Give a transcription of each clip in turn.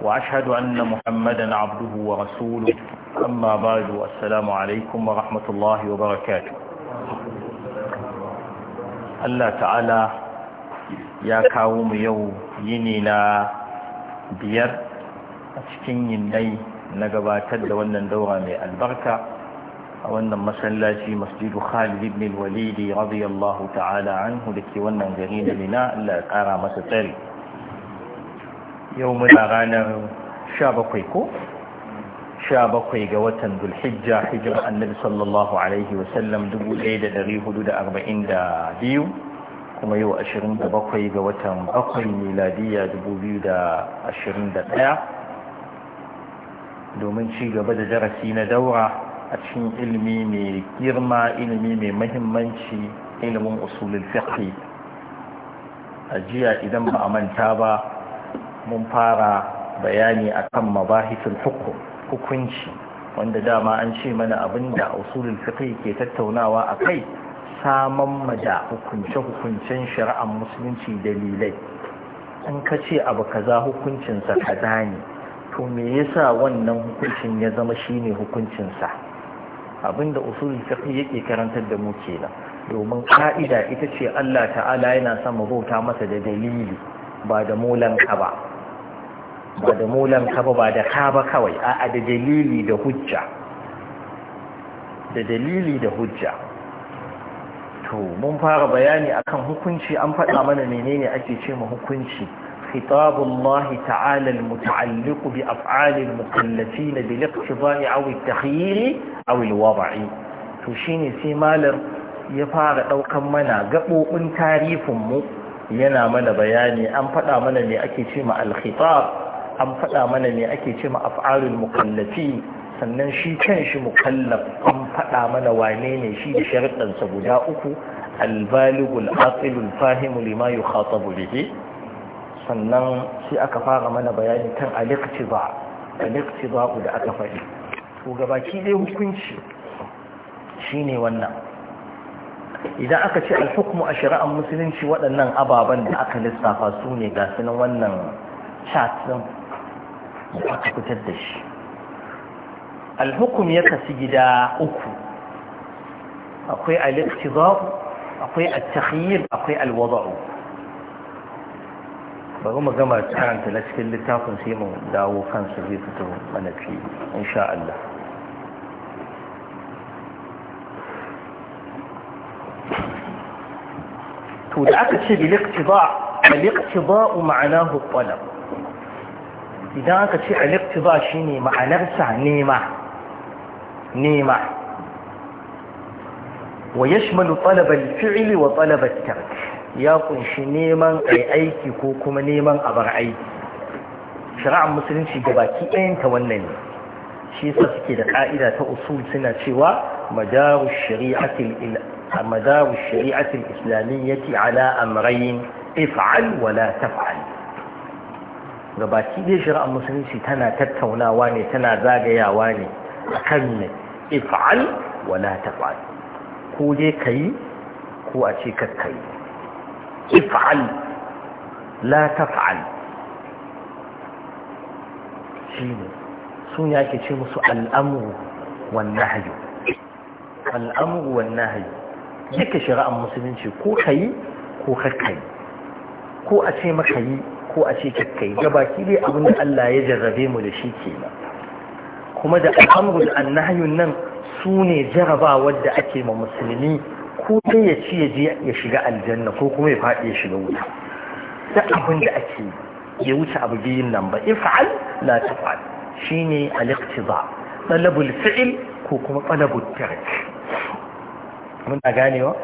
وأشهد أن محمدا عبده amma أما بعد والسلام عليكم ورحمة الله وبركاته Allah ta'ala ya kawo mu yau yini na biyar a cikin yinnai na gabatar da wannan daura mai albarka a wannan masallaci masjidu Khalid ibn al-Walid radiyallahu ta'ala anhu dake wannan gari da Mina Allah ya kara masa tsari yau muna ranar 17 ko 17 ga watan dulhijja hijirar annabi sallallahu alaihi wasallam 1442 kuma yau 27 ga watan 7 miladiya 2021 domin ci gaba da darasi na daura a cikin ilimi mai girma ilimi mai mahimmanci ilimin usulul fiqh a jiya idan ba a manta ba mun fara bayani akan mabahisul hukum hukunci wanda dama an ce mana abinda usulul fiqh ke tattaunawa akai saman maja hukunce-hukuncen shari'ar musulunci dalilai in ka ce abu kaza hukuncinsa kaza ne to me yasa wannan hukuncin ya zama shine hukuncinsa abinda usul fiqh yake karantar da mu kenan domin ka'ida ita ce Allah ta'ala yana son mu bauta masa da dalili ba da molan ka ba ba da molan ka ba ba da ka ba kawai a'a da dalili da hujja da dalili da hujja to mun fara bayani akan hukunci an faɗa mana menene ake ce ma hukunci خطاب الله تعالى المتعلق بأفعال المكلفين بالاقتضاء أو التخيير أو الوضع تشيني سيمالر يفار أو كمنا قبو من تعريف مو ينا من بياني أن فتا من اللي أكي شمع الخطاب an faɗa mana ne ake ce ma af'alul mukallafi sannan shi kan shi mukallaf an faɗa mana wane ne shi da sharuɗansa guda uku albaligul aqilul fahimu lima yukhatabu bihi sannan shi aka fara mana bayani kan al-iqtiba ba ku da aka faɗi to baki dai hukunci shine wannan idan aka ce alhukmu a shari'ar musulunci waɗannan ababen da aka lissafa su ne ga sunan wannan chat aka fitar da shi alhukum ya kasu gida uku akwai al-iqtidar akwai at-takhyir akwai al-wada'u bari mu gama karanta na cikin littafin sai mu dawo kansu zai fito mana fi insha Allah to da aka ce bil iqtida al iqtida ma'anahu talab idan aka ce al-iqtida shine ma'anarsa nema nema wa yashmalu talab al-fi'li wa talab at-tark ya kunshi neman ai aiki ko kuma neman abar aiki shari'ar musulunci gabaki ɗayan ta wannan ne shi yasa suke da ka'ida ta usul suna cewa madaru shari'atil madaru shari'atil islamiyyati ala amrayn if'al wa la taf'al gabaki dai shari'ar musulunci tana tattaunawa ne tana zagayawa ne a kan ne if'al wala taf'al ko dai kai ko a ce kakkai if'al la taf'al ne sun ya ke ce musu al'amru wan nahyu al'amru wan nahyu yake shari'ar musulunci ko kai ko kakkai ko a ce maka yi ko a ce kakkai gabaki dai abin da Allah ya jarrabe mu da shi kenan kuma da al'amru annahyun nan su ne jarabawar da ake ma musulmi ko dai ya ci ya je ya shiga aljanna ko kuma ya faɗi ya shiga wuta da abin da ake ya wuce abu biyun nan ba if'al la taf'al shine al ba, talabul fi'l ko kuma talabul tark muna ganewa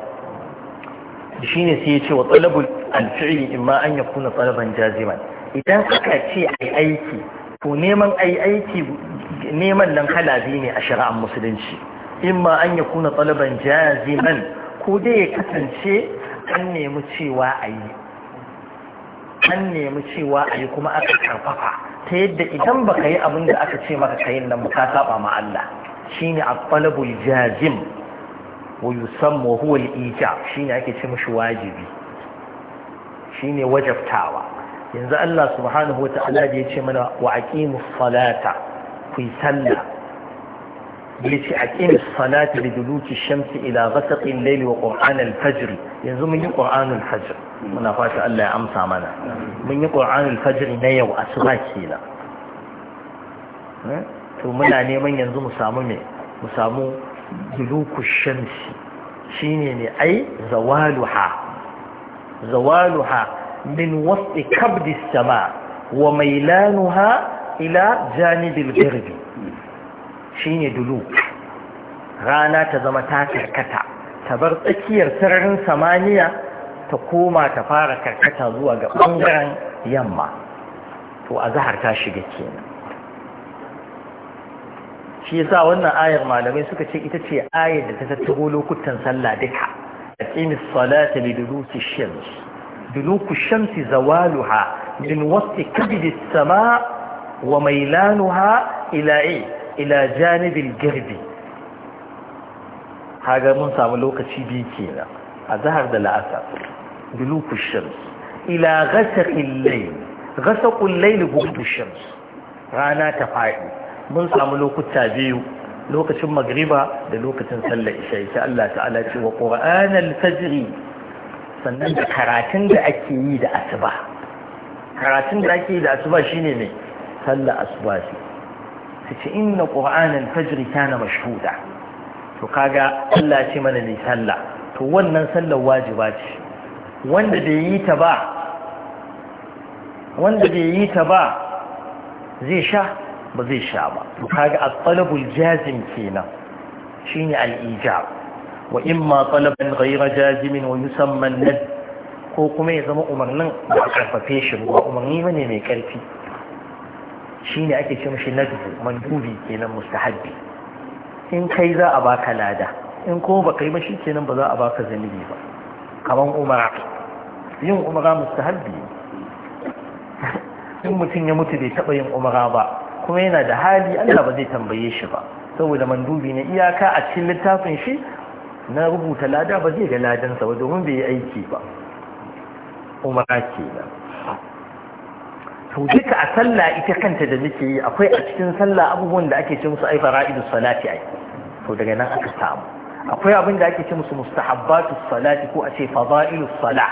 Shi ne sai ya ce wa talabul alfi'li ma an yakuna talaban jaziman idan aka ce ai aiki to neman ai aiki neman nan kala biyu ne a shari'ar musulunci In ma an yakuna talaban jaziman ko dai ya kasance an nemi cewa ayi an nemi cewa ayi kuma aka karfafa ta yadda idan baka yi abin da aka ce maka kayin nan ka saba ma Allah shine at-talabul jazim wa yusamma huwa al-ijab shine ake ce mishi wajibi shine wajabtawa yanzu Allah subhanahu wa ta'ala da yace mana wa aqimus salata ku yi sallah yace aqimus salata li duluki shamsi ila ghasaqi al-layl wa qur'an al-fajr yanzu mun yi qur'an al muna fata Allah ya amsa mana mun yi na yau asuba kenan eh? to muna neman yanzu mu samu mu samu duluku shamsi shine ne ai zawaluha zawaluha min wasti kabdi sama wa mailanuha ila janibil shi shine duluk rana ta zama ta karkata ta bar tsakiyar sararin samaniya ta koma ta fara karkata zuwa ga bangaren yamma to a zahar ta shiga kenan shi yasa wannan ayar malamai suka ce ita ce ayar da ta tattaro lokutan sallah duka aqimis salata li duluki shams duluku shamsi zawaluha min wasti kabidi sama wa mailanuha ila ila janibil girbi haga mun samu lokaci biyu kenan a zahar da la'asar duluku shams ila ghasaqil layl ghasaqul layl gudu shams rana ta fadi mun samu lokuta biyu lokacin magriba da lokacin sallar isha sai Allah ta'ala ce wa qur'anal fajri sannan da karatun da ake yi da asuba karatun da ake yi da asuba shine ne sallar asuba ce ce inna qur'anal fajri kana mashhuda to kaga Allah ce mana ne sallah to wannan sallar wajiba ce wanda bai yi ta ba wanda bai yi ta ba zai sha ba zai sha ba to kaga at-talabul jazim kenan shine al-ijab wa imma talaban ghayra jazimin wa yusamma an ko kuma ya zama umarnin ba a karfafe shi ba umarni bane mai karfi shine ake ce mishi nadbu mandubi kenan mustahabbi in kai za a baka lada in ko ba kai ba shi kenan ba za a baka zanibi ba kaman umara yin umara mustahabbi in mutum ya mutu bai taɓa yin umara ba kuma yana da hali Allah ba zai tambaye shi ba saboda mandubi na iyaka a cikin littafin shi na rubuta lada ba zai ga ladansa ba domin bai yi aiki ba umara nan to duka a sallah ita kanta da muke yi akwai a cikin sallah abubuwan da ake ce musu ai fara'idu salati ai to daga nan aka samu akwai abin da ake ce musu mustahabbatu salati ko a ce fadailu salah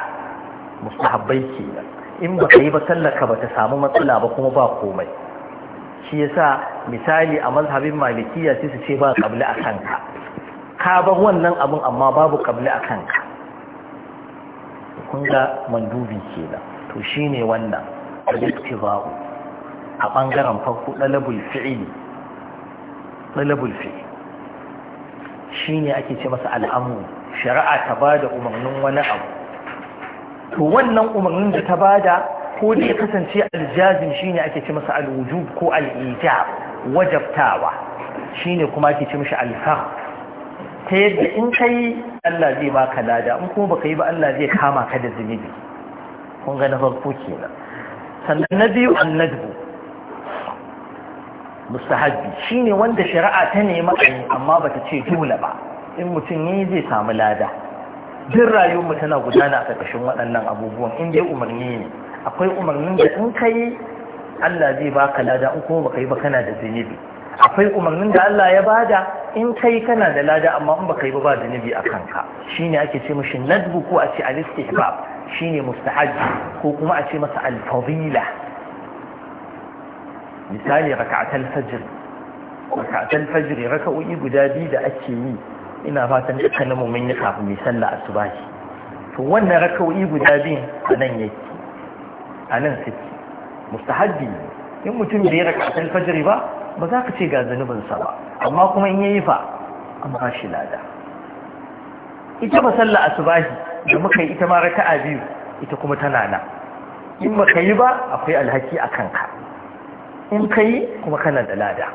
mustahabbai kenan in ba ka yi ba sallaka ka ba ta samu matsala ba kuma ba komai shi yasa misali a mazhabin malikiya sai su ce ba kabli a kanka ka ban wannan abin amma babu kabli a kanka kun ga mandubi da to shine wannan al ba'u a bangaren farko dalabul fi'li dalabul fi'li shine ake ce masa al'amu shari'a ta bada umarnin wani abu to wannan umarnin da ta bada ko da ya kasance aljazim shine ake ce masa alwujub ko al'ijab wajabtawa shine kuma ake ce mishi alfah ta yadda in kai Allah zai baka lada in kuma baka yi ba Allah zai kama ka da zunubi kun ga na farko kenan sannan na biyu annadbu mustahabbi shine wanda shari'a ta nemi amma bata ce dole ba in mutum ne zai samu lada duk rayuwar mu tana gudana a ƙarƙashin waɗannan abubuwan in dai umarni ne akwai umarnin da in kai Allah zai baka lada in kuma baka yi ba kana da zunubi akwai umarnin da Allah ya bada in kai kana da lada amma in baka yi ba ba zunubi a kanka shine ake ce mishi nadbu ko a ce al-istihbab shine mustahabbi ko kuma a ce masa al-fadila misali raka'atul fajr raka'atul fajr raka'o'i guda biyu da ake yi ina fatan dukkanin mu mun yi kafin mu sallah asubahi to wannan raka'o'i guda biyu anan yake a nan suke mustahabbi in mutum bai raka san fajiri ba ba za ka ce ga zanubinsa ba amma kuma in yayi fa an ba shi lada ita ba sallah asubahi da muka yi ita ma raka'a biyu ita kuma tana nan in baka yi ba akwai alhaki a kanka in ka yi kuma kana da lada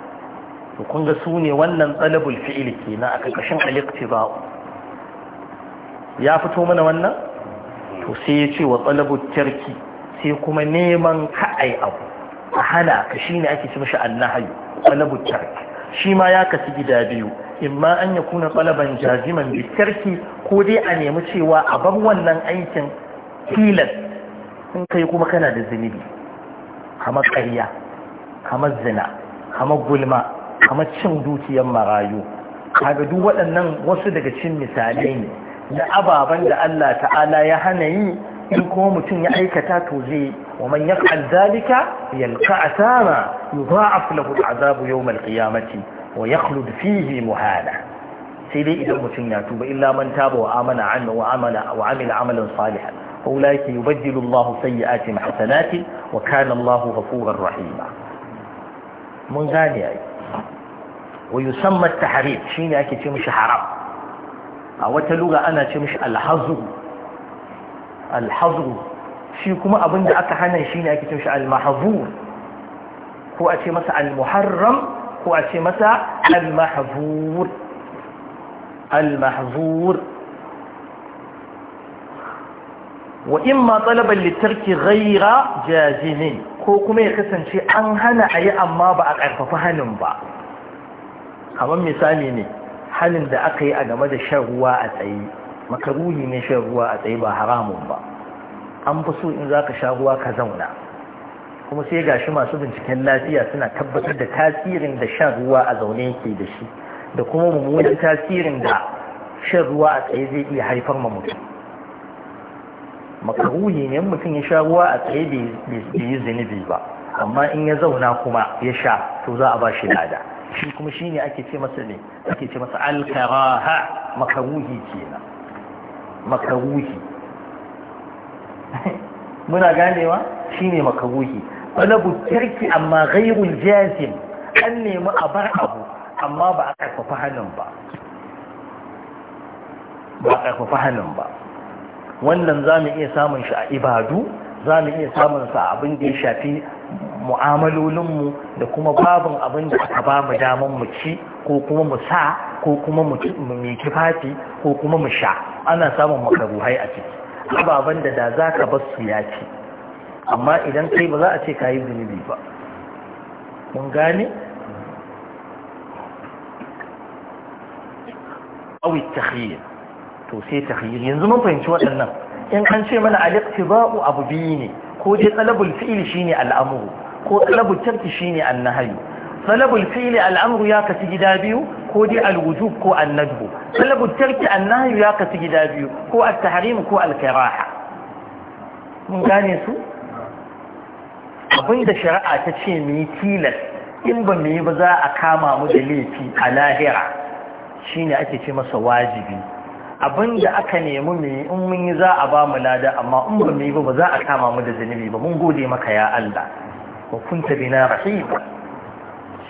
to kun ga su ne wannan tsalabul fi'ili kenan a ƙarƙashin aliktiba'u ya fito mana wannan to sai ya ce wa tsalabul tarki sai kuma neman ka'ai abu a hana ka shine ake ci na annahayu talabu tark shi ma ya kasi gida biyu ma an ya kuna kwalaban jaziman bi tarki ko dai a nemi cewa a bar wannan aikin tilas in kai kuma kana da zunubi kamar karya, kamar zina kamar gulma kamar cin dukiyar marayu kaga duk waɗannan wasu daga cin misalai ne na ababen da Allah ta'ala ya hana yi in kuma mutum ya aikata to zai wa man yaf'al zalika yalqa asama yudha'af lahu al'azabu yawm al-qiyamati wa yakhlud fihi muhala sai dai idan mutum ya tuba illa man taba wa amana anna wa amala wa amila amalan salihan fa ulaika yubaddilu Allahu sayyi'atihim hasanati wa kana Allahu ghafurar rahima mun gane ai wa yusamma at-tahrim shine ake ce mishi haram a wata lugha ana ce mishi al-hazr alhazru shi kuma abin da aka hana shi ne ake cin shi almahazur ko a ce masa almuharram ko a ce masa almahazur almahazur wa imma talaban littarki ghaira jazinin ko kuma ya kasance an hana a yi amma ba a ƙarfafi hannun ba kamar misali ne hannun da aka yi a game da shan ruwa a tsaye makaruni ne shan ruwa a tsaye ba haramun ba an fi so in za ka sha ruwa ka zauna kuma sai ga shi masu binciken lafiya suna tabbatar da tasirin da shan ruwa a zaune yake da shi da kuma mummunan tasirin da shan ruwa a tsaye zai iya haifar ma mutum makaruni ne mutum ya sha ruwa a tsaye bai yi zunubi ba amma in ya zauna kuma ya sha to za a ba shi lada shi kuma shine ake ce masa ne ake ce masa alkaraha makaruhi kenan makaruhi muna ganewa shine makaruhi talabu tarki amma gairun jazim an nemi a bar abu amma ba a karfafa hannun ba ba a hannun ba wannan za mu iya samun shi a ibadu za mu iya samun sa abin da ya shafi mu'amalolinmu da kuma babin abin da aka ba mu damar mu ci ko kuma mu sa ko kuma mu kifafi ko kuma mu sha ana samun makaruhai a ciki ababen da da za ka bar su ya ci amma idan kai ba za a ce ka yi zunubi ba mun gane awi tahiyya to sai tahiyya yanzu mun fahimci waɗannan in an ce mana alif iqtibau abu biyu ne ko dai talabul fi'il shine al'amru ko talabul tarki shine annahyu talabul fi'il al'amru ya kasu gida biyu ko dai alwujub ko an-nadbu talabul tarki annahyu ya kasu gida biyu ko at-tahrim ko al-karaha mun gane su abinda shari'a ta ce mu yi tilas in ba mu yi ba za a kama mu da laifi a lahira shine ake ce masa wajibi abin da aka nemi mu in mun yi za a ba mu lada amma in ba mu yi ba za a kama mu da zunubi ba mun gode maka ya Allah wa kunta bina rahima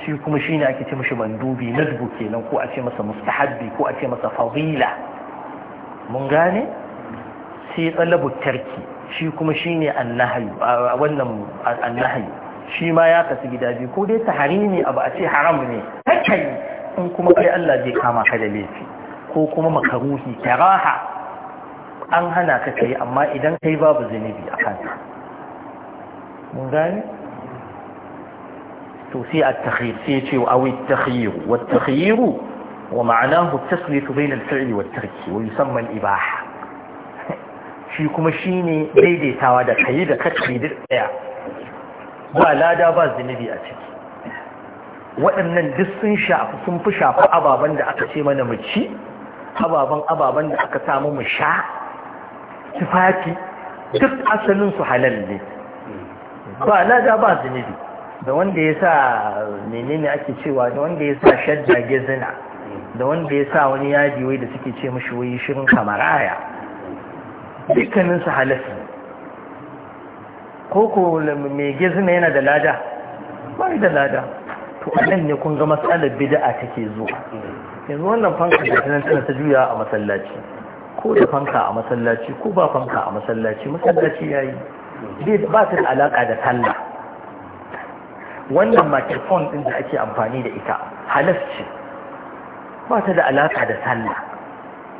shi kuma shine ake ce mishi mandubi nadbu kenan ko a ce masa mustahabbi ko a ce masa fadila mun gane sai talabu tarki shi kuma shine annahyu wannan annahyu shi ma ya kasu gida biyu ko dai ne abu a ce haram ne kai in kuma kai Allah zai kama ka da laifi ko kuma makaruhi karaha an hana ka kai amma idan kai babu zunubi a kanka mun gane to sai at-takhyir sai ya ce wa awi at-takhyir wa at-takhyir wa ma'anahu at-taswiyat bayna al-fi'li wa at-tarki wa yusamma al-ibaha shi kuma shine daidaitawa da kai da kace duk daya ba lada ba zunubi a ciki waɗannan duk sun shafi sun fi shafi ababen da aka ce mana mu ababen ababen da aka samu mu sha tufafi duk asalin su halal ne ba lada ba zunubi da wanda ya sa menene ake cewa da wanda ya sa shadda zina da wanda ya sa wani yadi wai da suke ce mashi wai shirin kamaraya dukkanin su halasu ko ko mai gizina yana da lada ba da lada to a nan ne kun ga matsalar bid'a take zuwa yanzu wannan fanka da tana tana ta juya a masallaci ko da fanka a masallaci ko ba fanka a masallaci masallaci yayi ba ta da alaka da sallah wannan microphone din da ake amfani da ita halasci ba ta da alaka da sallah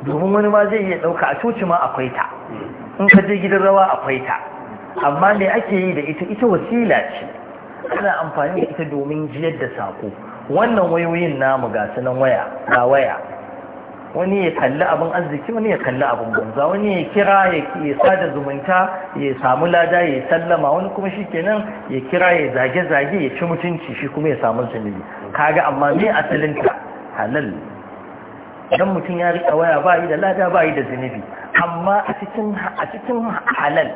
domin wani ma zai iya ɗauka a coci ma akwai ta in ka je gidan rawa akwai ta amma me ake yi da ita ita wasila ce ana amfani da ita domin jiyar da sako wannan wayoyin namu ga sunan waya ga waya wani ya kalli abin arziki wani ya kalli abin banza wani ya kira ya sada zumunta ya samu lada ya sallama wani kuma shi kenan ya kira ya zage-zage ya ci mutunci shi kuma ya samu zunubi kaga amma me asalinta halal idan mutum ya rika waya ba yi da lada ba yi da zunubi amma a cikin halal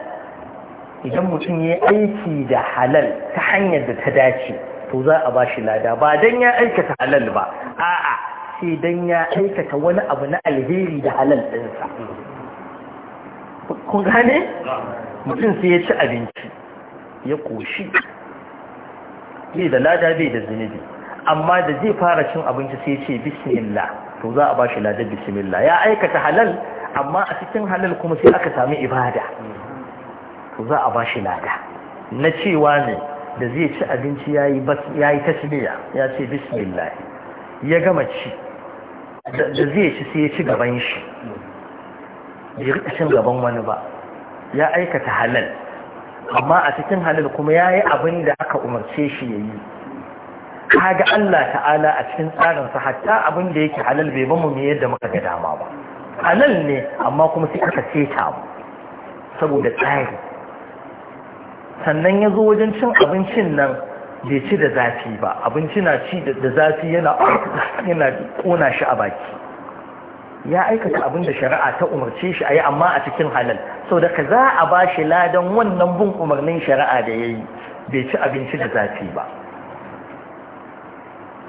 idan mutum ya aiki da halal ta hanyar da ta dace to za a bashi lada ba dan ya aikata halal ba a'a sai dan ya aikata wani abu na alheri da halal ɗinsa kun gane mutum sai ya ci abinci ya koshi bai da lada bai da zunubi amma da zai fara cin abinci sai ce bismillah to za a bashi lada bismillah ya aikata halal amma a cikin halal kuma sai aka sami ibada za a ba shi lada na cewa ne da zai ci abinci ya yi tasmiya ya ce bismillah ya gama ci da zai ci sai ya ci gaban shi bai rika cin gaban wani ba ya aikata halal amma a cikin halal kuma ya yi abin da aka umarce shi ya yi kaga Allah ta'ala a cikin tsarinsa hatta abin da yake halal bai bamu ne yadda muka ga dama ba halal ne amma kuma sai aka ta mu saboda tsari sannan ya zo wajen cin abincin nan bai ci da zafi ba abinci na ci da zafi yana ƙona kona shi a baki ya aikata abin da shari'a ta umarce shi a yi amma a cikin halal sau da ka za a ba shi ladan wannan bin umarnin shari'a da ya yi bai ci abinci da zafi ba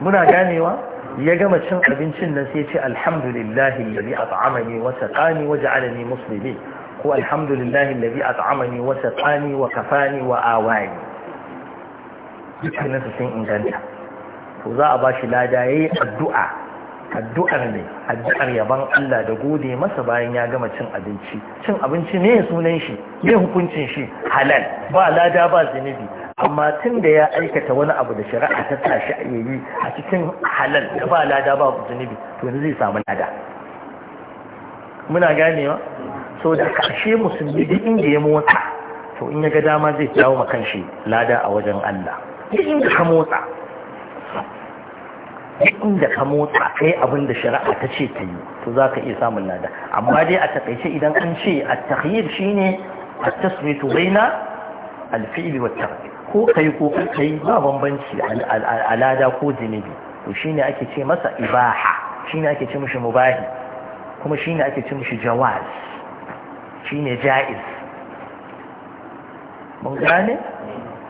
muna ganewa ya gama cin abincin nan sai ce alhamdulillahi yari a ba'amani wata ƙani waje alani musulmi at'amani wa الذي wa kafani wa awani dukkanin su sun inganta to za a bashi lada yayi addu'a addu'ar ne addu'ar yaban Allah da gode masa bayan ya gama cin abinci cin abinci ne sunan shi ne hukuncin shi halal ba lada ba zinubi amma tun da ya aikata wani abu da shari'a ta tashi a yayi a cikin halal da ba lada ba zunubi to ne zai samu lada muna ganewa so da kashe musulmi duk inda ya motsa to in ya ga dama zai jawo makan shi lada a wajen Allah duk inda ka motsa duk inda ka motsa kai abin da shari'a ta ce ta yi to za ka iya samun lada amma dai a takaice idan an ce a tahyir shine a tasmitu baina alfi'li wa ko kai ko kai ba bambanci al'ada ko zinubi to shine ake ce masa ibaha shine ake ce mishi mubahi kuma shine ake ce mishi jawaz shine jaiz mun gane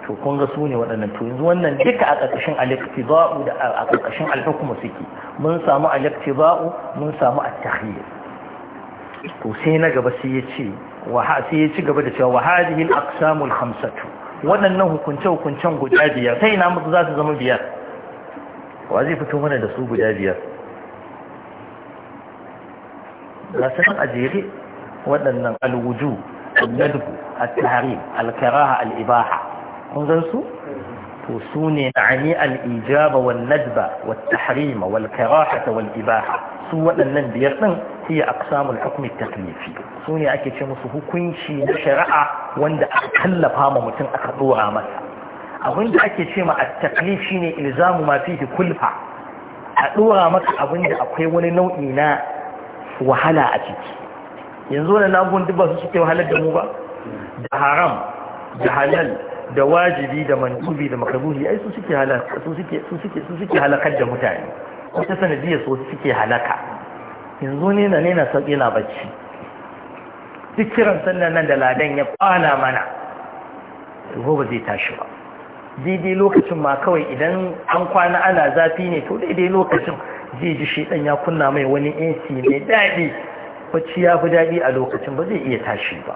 to kun ga su ne waɗannan to yanzu wannan duka a ƙarƙashin al-iqtida'u da a ƙarƙashin al-hukmu suke mun samu al-iqtida'u mun samu at-takhir to sai na gaba sai ya ce wa sai ya ci gaba da cewa wa hadhihi al-aqsamul khamsatu waɗannan hukunce hukuncen guda biyar sai na mutu za su zama biyar wa zai fito mana da su guda biyar ga sanar a jere waɗannan alwuju nadu a tsari alkaraha al’ibaha kun zan su? to su ne na'ani al’ijaba wa nadba wa tsarima wa alkaraha ta su waɗannan biyar ɗin fiye a samun hukumi ta tunifi su ake ce musu hukunci na shari'a wanda aka tallafa mutum aka ɗora masa abin da ake ce ma a taklif shi ne ilzamu ma fi kulfa a ɗora maka abin da akwai wani nau'i na wahala a ciki yanzu wani abubuwan duk ba su suke wahalar da mu ba da haram da halal da wajibi da mandubi da makaruhi ai su suke halaka su suke su suke su suke halakar da mutane wata sanadiyar su suke halaka yanzu ne na ne na sauki na bacci duk kiran sallan nan da ladan ya kwana mana to gobe zai tashi ba daidai lokacin ma kawai idan an kwana ana zafi ne to daidai lokacin zai ji shi ɗan ya kunna mai wani AC mai daɗi bacci ya fi daɗi a lokacin ba zai iya tashi ba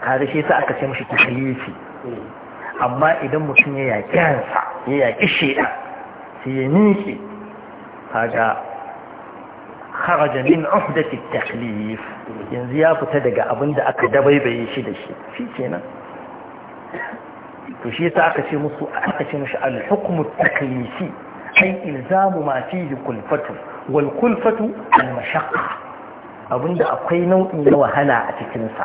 kare shi sa aka ce mashi takalifi amma idan mutum ya yaƙi hansa ya yaƙi shaidan sai ya miƙe kaga kharaja min uhdati taklif yanzu ya fita daga abin da aka dabaibaye shi da shi shi kenan to shi sa aka ce musu aka ce mishi al-hukmu taklifi ai ilzamu ma fihi kulfatu wal kulfatu al mashaqqa abinda akwai nau'in na wahala a cikin sa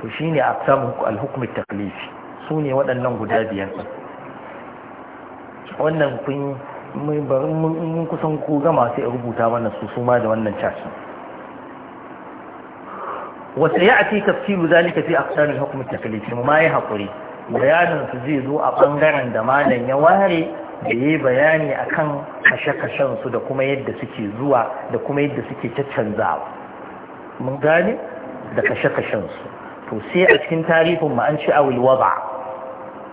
to shine aqsamu al hukm al taklifi sune waɗannan guda biyar wannan kun mun kusan ku gama sai rubuta wannan su su ma da wannan caci وسيأتي تفصيل ذلك في أقسام الحكم ma yi يهقري bayanin su zai zo a bangaren da malam ya ware da yi bayani a kan kashe-kashen su da kuma yadda suke zuwa da kuma yadda suke caccanzawa mun gane da kashe-kashen su to sai a cikin tarihin ma an ci awul wada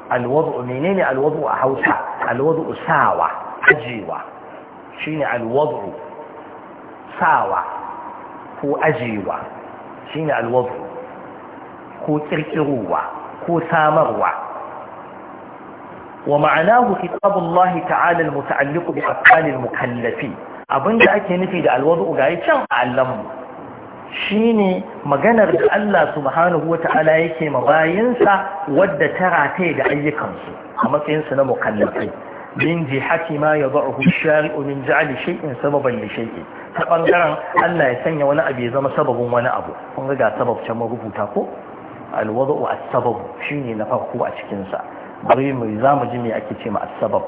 alwadu menene alwadu a Hausa alwadu sawa ajewa shine alwadu sawa ko ajewa shine alwadu ko kirkirowa ko samarwa wa ma'anahu kitabullahi ta'ala al-muta'alliqu bi aqwalil mukallafin abinda ake nufi da alwadu ga can a Shi shine maganar da Allah subhanahu wata'ala yake bayansa wadda ta rataye da ayyukansu a matsayinsu na kallafi. min jihati ma yad'uhu ash-shari'u min ja'li shay'in sababan li shay'in ta ɓangaren Allah ya sanya wani abu ya zama sababin wani abu kun ga sabab can marubuta ko alwadu a sabab shine na farko a cikinsa. bari mu za mu ji mai ake ce ma sabab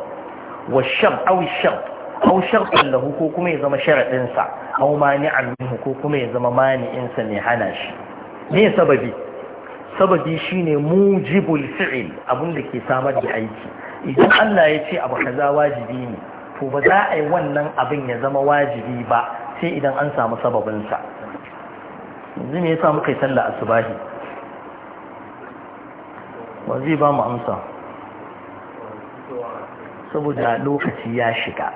wa shab au shab au shab ko kuma ya zama sharaɗinsa au mani mani'an ko kuma ya zama mani'insa ne hana shi me sababi sababi shine mujibul fi'il abun da ke samar da aiki idan Allah ya ce abu kaza wajibi ne to ba za a yi wannan abin ya zama wajibi ba sai idan an samu sababinsa yanzu me yasa muka yi sallah asubahi wa zai ba mu amsa saboda lokaci ya shiga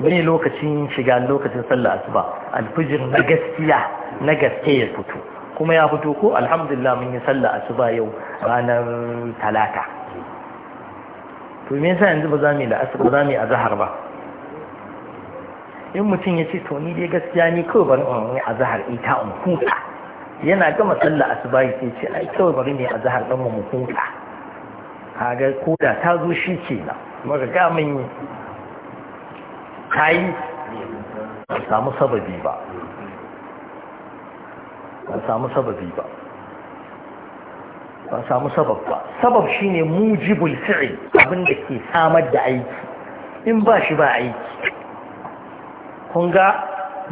ne lokacin shiga lokacin sallar asuba alfijir na gaskiya na gaske ya fito kuma ya fito ko alhamdulillah mun yi sallar asuba yau ranar talata to me yasa yanzu ba za mu la'asar ba za mu azhar ba in mutum ya ce to ni dai gaskiya ni kawai bari in azhar ita in huta yana gama sallah asuba yake ce ai kawai bari ne a zahar dan mu huta kaga koda ta zo shi na maka ga Ta kai ba samu sababi ba ba samu sababi ba ba samu sabab ba sabab shine mujibul fi'l abin abinda ke samar da aiki in ba shi ba aiki kun ga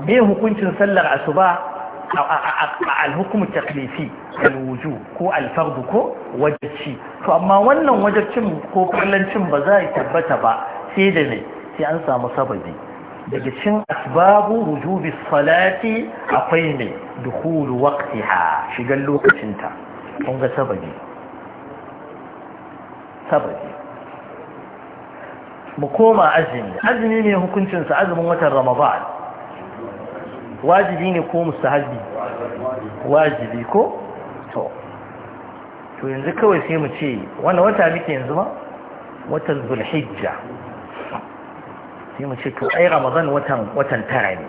me hukuncin sallar asuba alhukumu taklifi alwuju ko alfardu ko wajibci to amma wannan wajibcin ko kullancin ba za a tabbata ba sai da ne sai an samu sababi daga cin asbabu wujubi salati akwai ne dukhulu waqtiha shigan lokacinta kun ga sababi sababi mu koma azumi azumi ne hukuncinsa azumin watan ramadan wajibi ne ko mustahabi wajibi ko to to yanzu kawai sai mu ce wani wata muke yanzu ba watan zulhijja sai mu ce to ai ramadan watan watan tara ne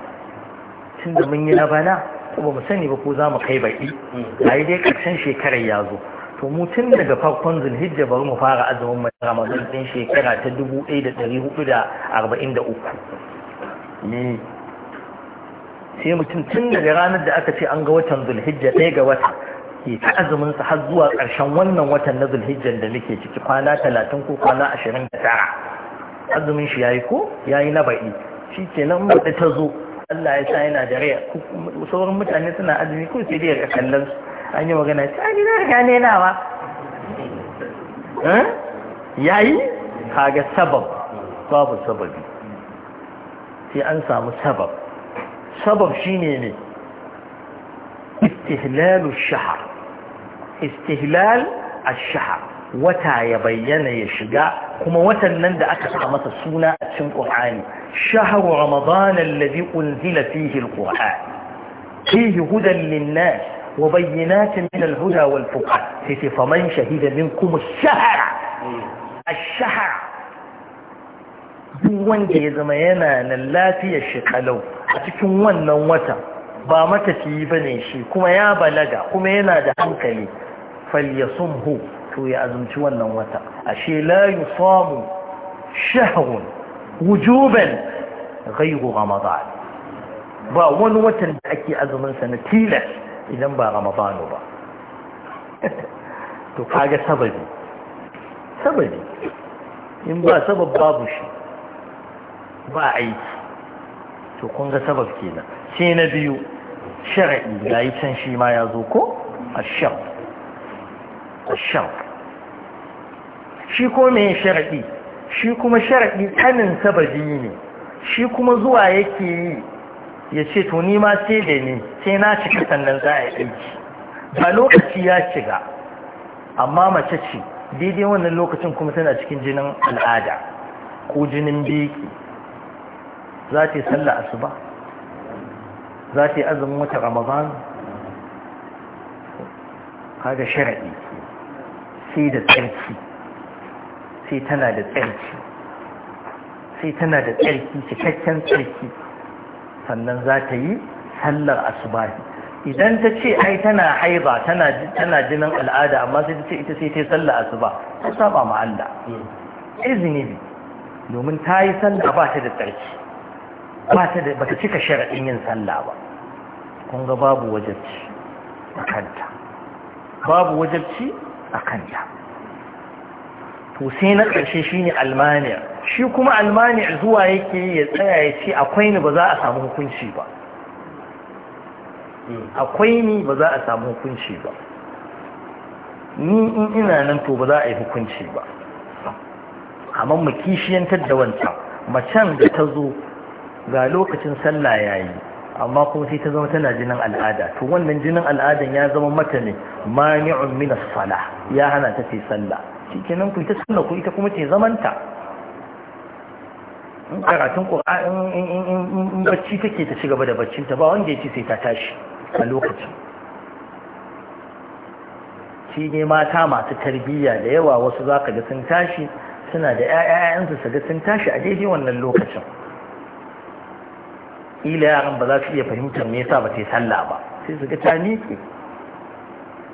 tunda mun yi na bana ko ba mu sani ba ko za mu kai baki mm. ai dai karshen shekarar ya zo to mu tun daga farkon zulhijja bari mu fara azumin mai ramadan din shekara ta 1443 sai mutum tun daga ranar da aka ce an ga watan zulhijja ɗaya ga wata ke ta azumin har zuwa ƙarshen wannan watan na zulhijjan da muke ciki kwana talatin ko kwana ashirin da tara azumin shi yayi ko yayi na baɗi shi ke nan mutu ta zo Allah ya sa yana da rai sauran mutane suna azumi ko sai dai ga kallon su an yi magana ta ni na riga ne nawa eh? yayi kaga sabab babu sababi sai an samu sabab سبب شيني يعني استهلال الشهر استهلال الشهر وتا يبين يشقى كما وتا نند أكثر سونا السنة القرآن شهر رمضان الذي أنزل فيه القرآن فيه هدى للناس وبينات من الهدى والفقه في فمن شهد منكم الشهر الشهر هو أنت يزمينا نلاتي الشقلوف a cikin wannan wata ba matafiyi ba ne shi kuma ya balaga kuma yana da hankali hu, to ya azumci wannan wata ashe la yusamu shahrun wujuban ghayru ramadan ba wani watan da ake azumin sa na tilas idan ba ramadan ba to kaga sababi sababi in ba sabab babu shi ba aiki to kun ga sabab kenan sai na biyu da yayi can shi ma ya zo ko ashar ashar shi ko me shar'i shi kuma shar'i tsanin sababi ne shi kuma zuwa yake yi ya ce to ni ma sai da ni sai na cika sannan za a yi ba lokaci ya shiga amma mace ce daidai wannan lokacin kuma tana cikin jinin al'ada ko jinin beki za ta yi sallah asuba za ta yi azumin wata ramadan kaga sharaɗi sai da tsarki sai tana da tsarki sai tana da tsarki cikakken tsarki sannan za ta yi sallar asubahi idan ta ce ai tana haiba tana jinin al'ada amma sai ta ce ita sai ta yi sallar asuba ta saba ma Allah hmm. izini domin ta yi sallar ba ta da tsarki ba ta da bata cika shari'in yin sallah ba kun ga babu wajabci a kanta babu wajabci a kanta to sai na ƙarshe shine almaniya shi kuma almaniya zuwa yake ya tsaya ya ce akwai ni ba za a samu hukunci ba akwai ni ba za a samu hukunci ba ni in ina nan to ba za a yi hukunci ba amma mu kishiyantar da wancan macen da ta zo ga lokacin sallah yayi amma kuma sai ta zama tana jinin al'ada to wannan jinin al'adan ya zama mata ne mani'un min as-salah ya hana ta ce sallah shikenan ku ta sunna ku ita kuma ce zamanta in karatun qur'an in bacci take ta ci gaba da baccin ta ba wanda ya ce sai ta tashi a lokacin shi ne mata masu tarbiyya da yawa wasu zaka ga sun tashi suna da 'ya'yansu ƴaƴansu su ga sun tashi a daidai wannan lokacin kila yaran ba za su iya fahimtar me yasa ba ta yi sallah ba sai su ga ta miƙe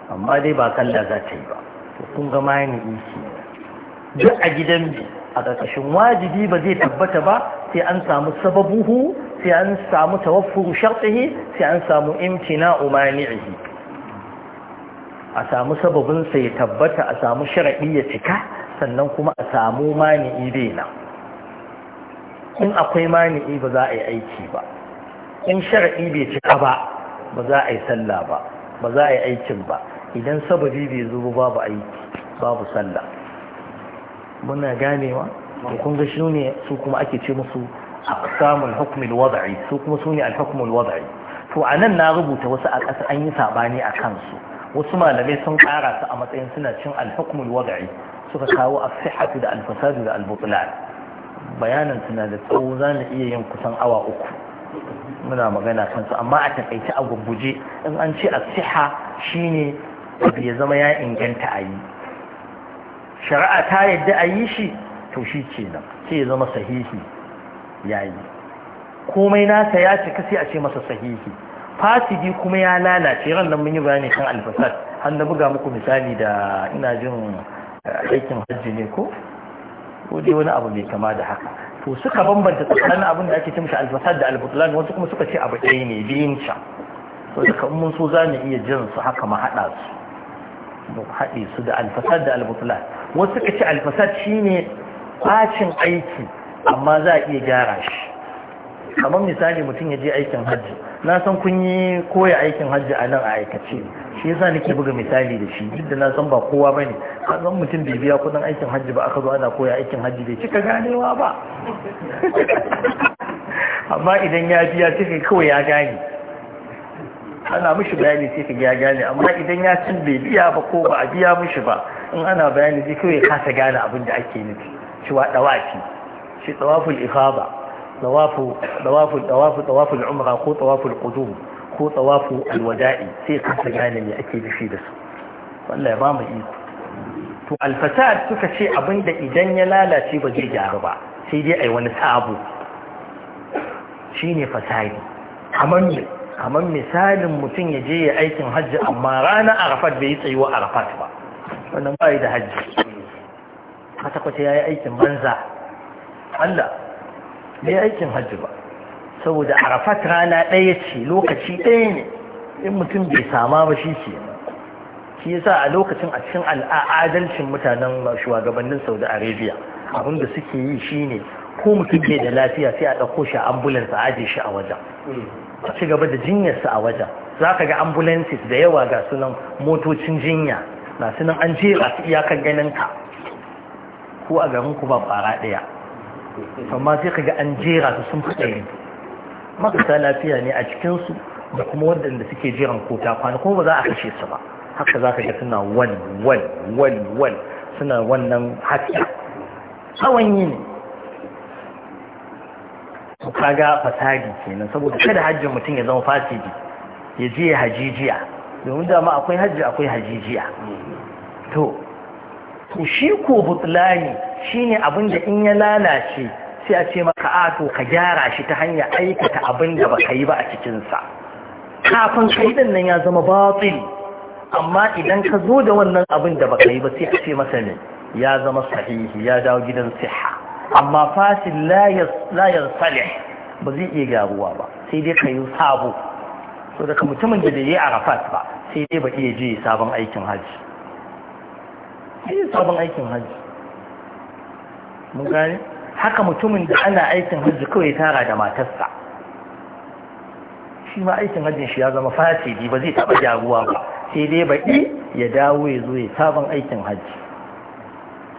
amma dai ba sallah za ta yi ba to kun ga ma ni isi duk a gidan bi a ƙarƙashin wajibi ba zai tabbata ba sai an samu sababuhu sai an samu tawaffuru shartihi sai an samu imtina umani'ihi a samu sai ya tabbata a samu sharaɗi ya cika sannan kuma a samu mani'i bai nan in akwai mani'i ba za a yi aiki ba in shar'i bai cika ba ba za a yi sallah ba ba za a yi aikin ba idan sababi bai zo babu aiki babu sallah muna ganewa kun ga shi ne su kuma ake ce musu aqsamul hukm al-wad'i su kuma su ne al-hukm al-wad'i to anan na rubuta wasu a ƙasa an yi sabani a kansu wasu malamai sun ƙara su a matsayin suna cin al-hukm suka kawo as-sihhatu da al-fasadu da al-butlan bayanan suna da tsawo za iya yin kusan awa uku muna magana su amma a takaice a gugguje in an ce a siha shine abu ya zama ya inganta a yi shari'a ta yadda a yi shi to shi ce nan ce ya zama sahihi ya yi komai nasa ya cika sai a ce masa sahihi fasidi kuma ya lalace ran nan mun yi bayani kan alfasad har na buga muku misali da ina jin eh, aikin hajji ne ko ko dai wani abu mai kama da haka to suka bambanta tsakanin abin da ake cimta alfasad da albutlan wasu kuma suka ce abu ɗaya ne biyun can to duka mun so za mu iya jin su haka mu haɗa su mu haɗe su da alfasar da albutlan wasu suka ce alfasad shine bacin aiki amma za a iya gyara shi kamar misali mutum ya je aikin hajji na san kun yi koya aikin hajji a nan a aikace shi yasa nake buga misali da shi duk da na san ba kowa bane ka san mutum bai biya kudin aikin hajji ba aka zo ana koya aikin hajji bai cika ganewa ba amma idan ya biya sai kai kawai ya gane ana mishi bayani sai ka ya gane amma idan ya san bai biya ba ko ba a biya mishi ba in ana bayani sai kawai kasa gane abin da ake nufi cewa dawafi shi dawaful ifaba dawafu dawafu dawafu dawaful umra ko tsawafin qudum ko tsawafu alwada'i sai ka ta gane me ake nufi da su wallahi ba mu iko to alfasad suka ce abinda idan ya lalace ba zai gyaru ba sai dai ai wani sabo shine fasadi kamar me kamar misalin mutum ya je ya aikin hajji amma ranar arafat bai yi tsayuwa arafat ba wannan bayi da hajji kwata-kwata ya yi aikin banza Allah bai aikin hajji ba saboda arafat rana ɗaya ce lokaci ɗaya ne in mutum bai sama ba shi ke shi yasa a lokacin a cikin al'adalcin mutanen shugabannin saudi arabia abin da suke yi shine ko mutum bai da lafiya sai a ɗauko shi a ambulance a aje shi a wajen a ci gaba da jinyarsa a wajen za ka ga ambulances da yawa ga sunan motocin jinya na sunan an jera su iyakar ganin ka ko a garin ku ba ƙwara ɗaya amma sai ka ga an jera su sun fi ɗaya Makasa lafiya ne a cikinsu da kuma waɗanda suke jiran kota kwana kuma ba za a kashe su ba haka za ka ga suna wal wal wal wal suna wannan hafiya tsawon yi ne su kaga fasadi kenan saboda kada hajjin mutum ya zama fasidi ya je ya hajijiya domin dama akwai hajji akwai hajijiya to to shi ko butlani shine abin da in ya lalace sai a ce maka ato ka gyara shi ta hanyar aikata abin da baka yi ba a cikinsa kafin kai din nan ya zama batil amma idan ka zo da wannan abin da baka yi ba sai a ce masa ne ya zama sahihi ya dawo gidan siha amma fasil la salih ba zai iya gyaruwa ba sai dai ka yi sabo so daga mutumin da bai yi arafat ba sai dai ba iya je sabon aikin hajji sai sabon aikin hajji mun gane haka mutumin da ana aikin hajji kawai tara da matarsa shi ma aikin hajjin shi ya zama fasidi ba zai taba jaruwa ba sai dai baki ya dawo ya zo ya sabon aikin hajji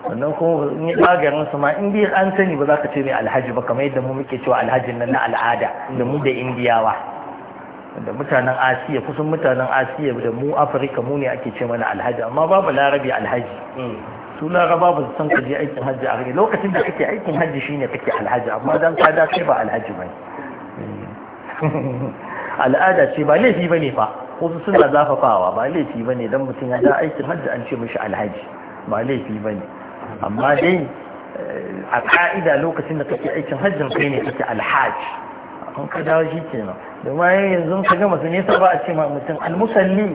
wannan kuma ni bagarin su ma in bi an sani ba za ka ce mai alhaji ba kamar yadda mu muke cewa alhajin nan na al'ada da mu da indiyawa da mutanen asiya kusan mutanen asiya da mu afirka mu ne ake ce mana alhaji amma babu larabi alhaji mm. لا غضب تنقض يا ايت هدي عقلي لو كنت بدك تعيط هدي شيء بدك على الحاجه ما دام قاعد تبع الهجمة على ادى شيبا ليه في بني فا خصوصا اذا فاوا ما ليه في بني دم متين هذا ايت هدي ان شيء مش على الحج ما ليه في بني اما دي القاعده لو كنت بدك تعيط هدي فيني بدك على الحاج kun ka dawo shi ke nan da yanzu ka gama su nesa ba a ce ma mutum almusalli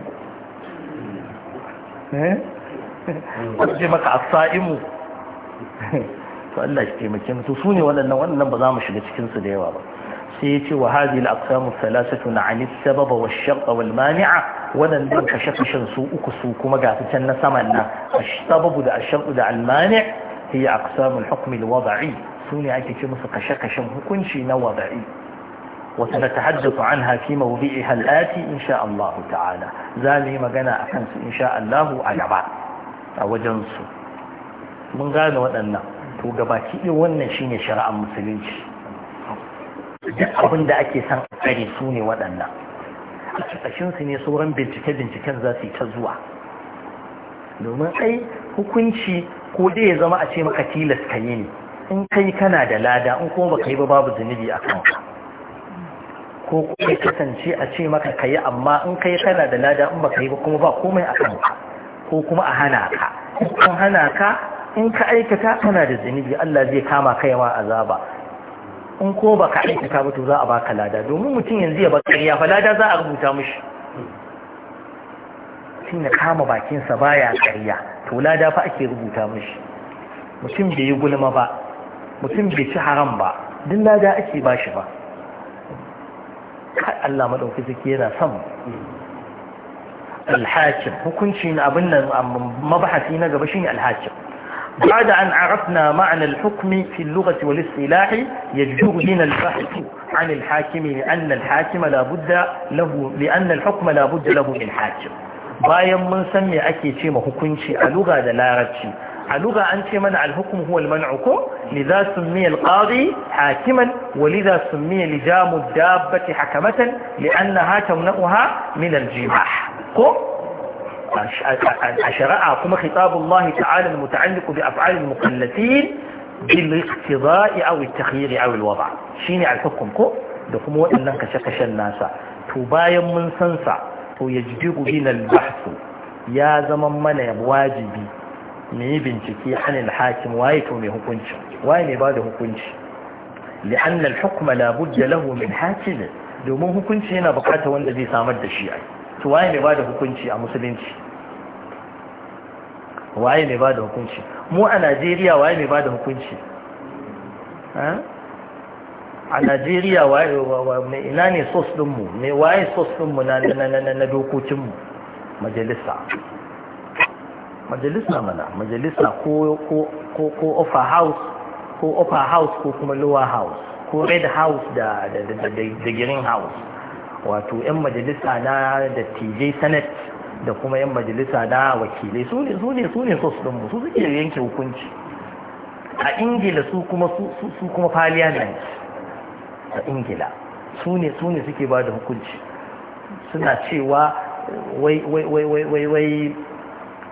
eh wanda ce maka asa'imu to Allah shi taimake mu to su ne waɗannan waɗannan ba za mu shiga cikinsu su da yawa ba sai ya ce wa hadhihi al-aqsamu thalathatu an sabab wa ash-shart mania waɗannan kashe kashen su uku su kuma ga fitan na saman nan ash-sababu da ash-shart da al-mani' hiya aqsamu al-hukm al-wada'i su ne ake ce musu kashe kashen hukunci na wada'i وسنتحدث عنها في موضعها الآتي إن شاء الله تعالى ذلك مجانا أكنس إن شاء الله أجبان a wajen su, mun gane waɗannan to gabaki ɗin wannan shine shari'ar musulunci duk abin da ake son a tsare su ne waɗannan a su ne sauran bincike-binciken za su yi ta zuwa domin ai hukunci ko dai ya zama a ce maka tilas ka yi ne in kai kana da lada in kuma baka yi ba babu zunubi a kanka ko kuma kasance a ce maka ka yi amma in kai kana da lada in baka yi ba kuma ba komai a kanka ko kuma a hana ka in hana ka in ka aikata kana da zunubi Allah zai kama kai ma azaba in ko baka aikata ba to za a baka lada domin mutum yanzu ya baka ya fa lada za a rubuta mishi mutum ya kama bakinsa baya karya to lada fa ake rubuta mishi mutum bai yi gulma ba mutum bai ci haram ba duk lada ake bashi ba Allah madauki yana son alhakim hukuncin abin na gaba shine alhakim بعد أن عرفنا معنى الحكم في اللغة والاصطلاح يجدر لنا البحث عن الحاكم لأن الحاكم لا له لأن الحكم له من حاكم bayan mun san me ake ce ma hukunci a lugha da larabci a an ce mana alhukum huwa al-man'u ko li za su hakiman wa su miya li jamu dabbati hakamatan li anna ha tamna'uha ko a shari'a kuma kitabu Allah ta'ala muta'alliqu bi af'al al-muqallatin bil iqtida'i aw at-takhyiri aw al-wada' shine alhukum ko da kuma waɗannan kashe-kashen nasa to bayan mun san sa to yajibu ya zama mana wajibi mu yi bincike anil hakim waye to mai hukunci waye mai ba da hukunci li'anna al-hukma la budda lahu min hakim domin hukunci yana bukata wanda zai samar da shi ai to waye mai ba da hukunci a musulunci waye mai ba da hukunci mu a Najeriya waye mai ba da hukunci a Najeriya waye ina ne sos mu, ne waye sos mu na dokokin mu? majalisa majalisa mana majalisa ko ko ko upper house ko upper house ko kuma lower house ko red house da da da da green house wato yan majalisa na da TJ senate da kuma yan majalisa na wakilai su ne su ne su ne sos din su suke yanke hukunci a ingila su kuma su kuma parliament a ingila su ne su ne suke ba da hukunci suna cewa wai wai wai wai wai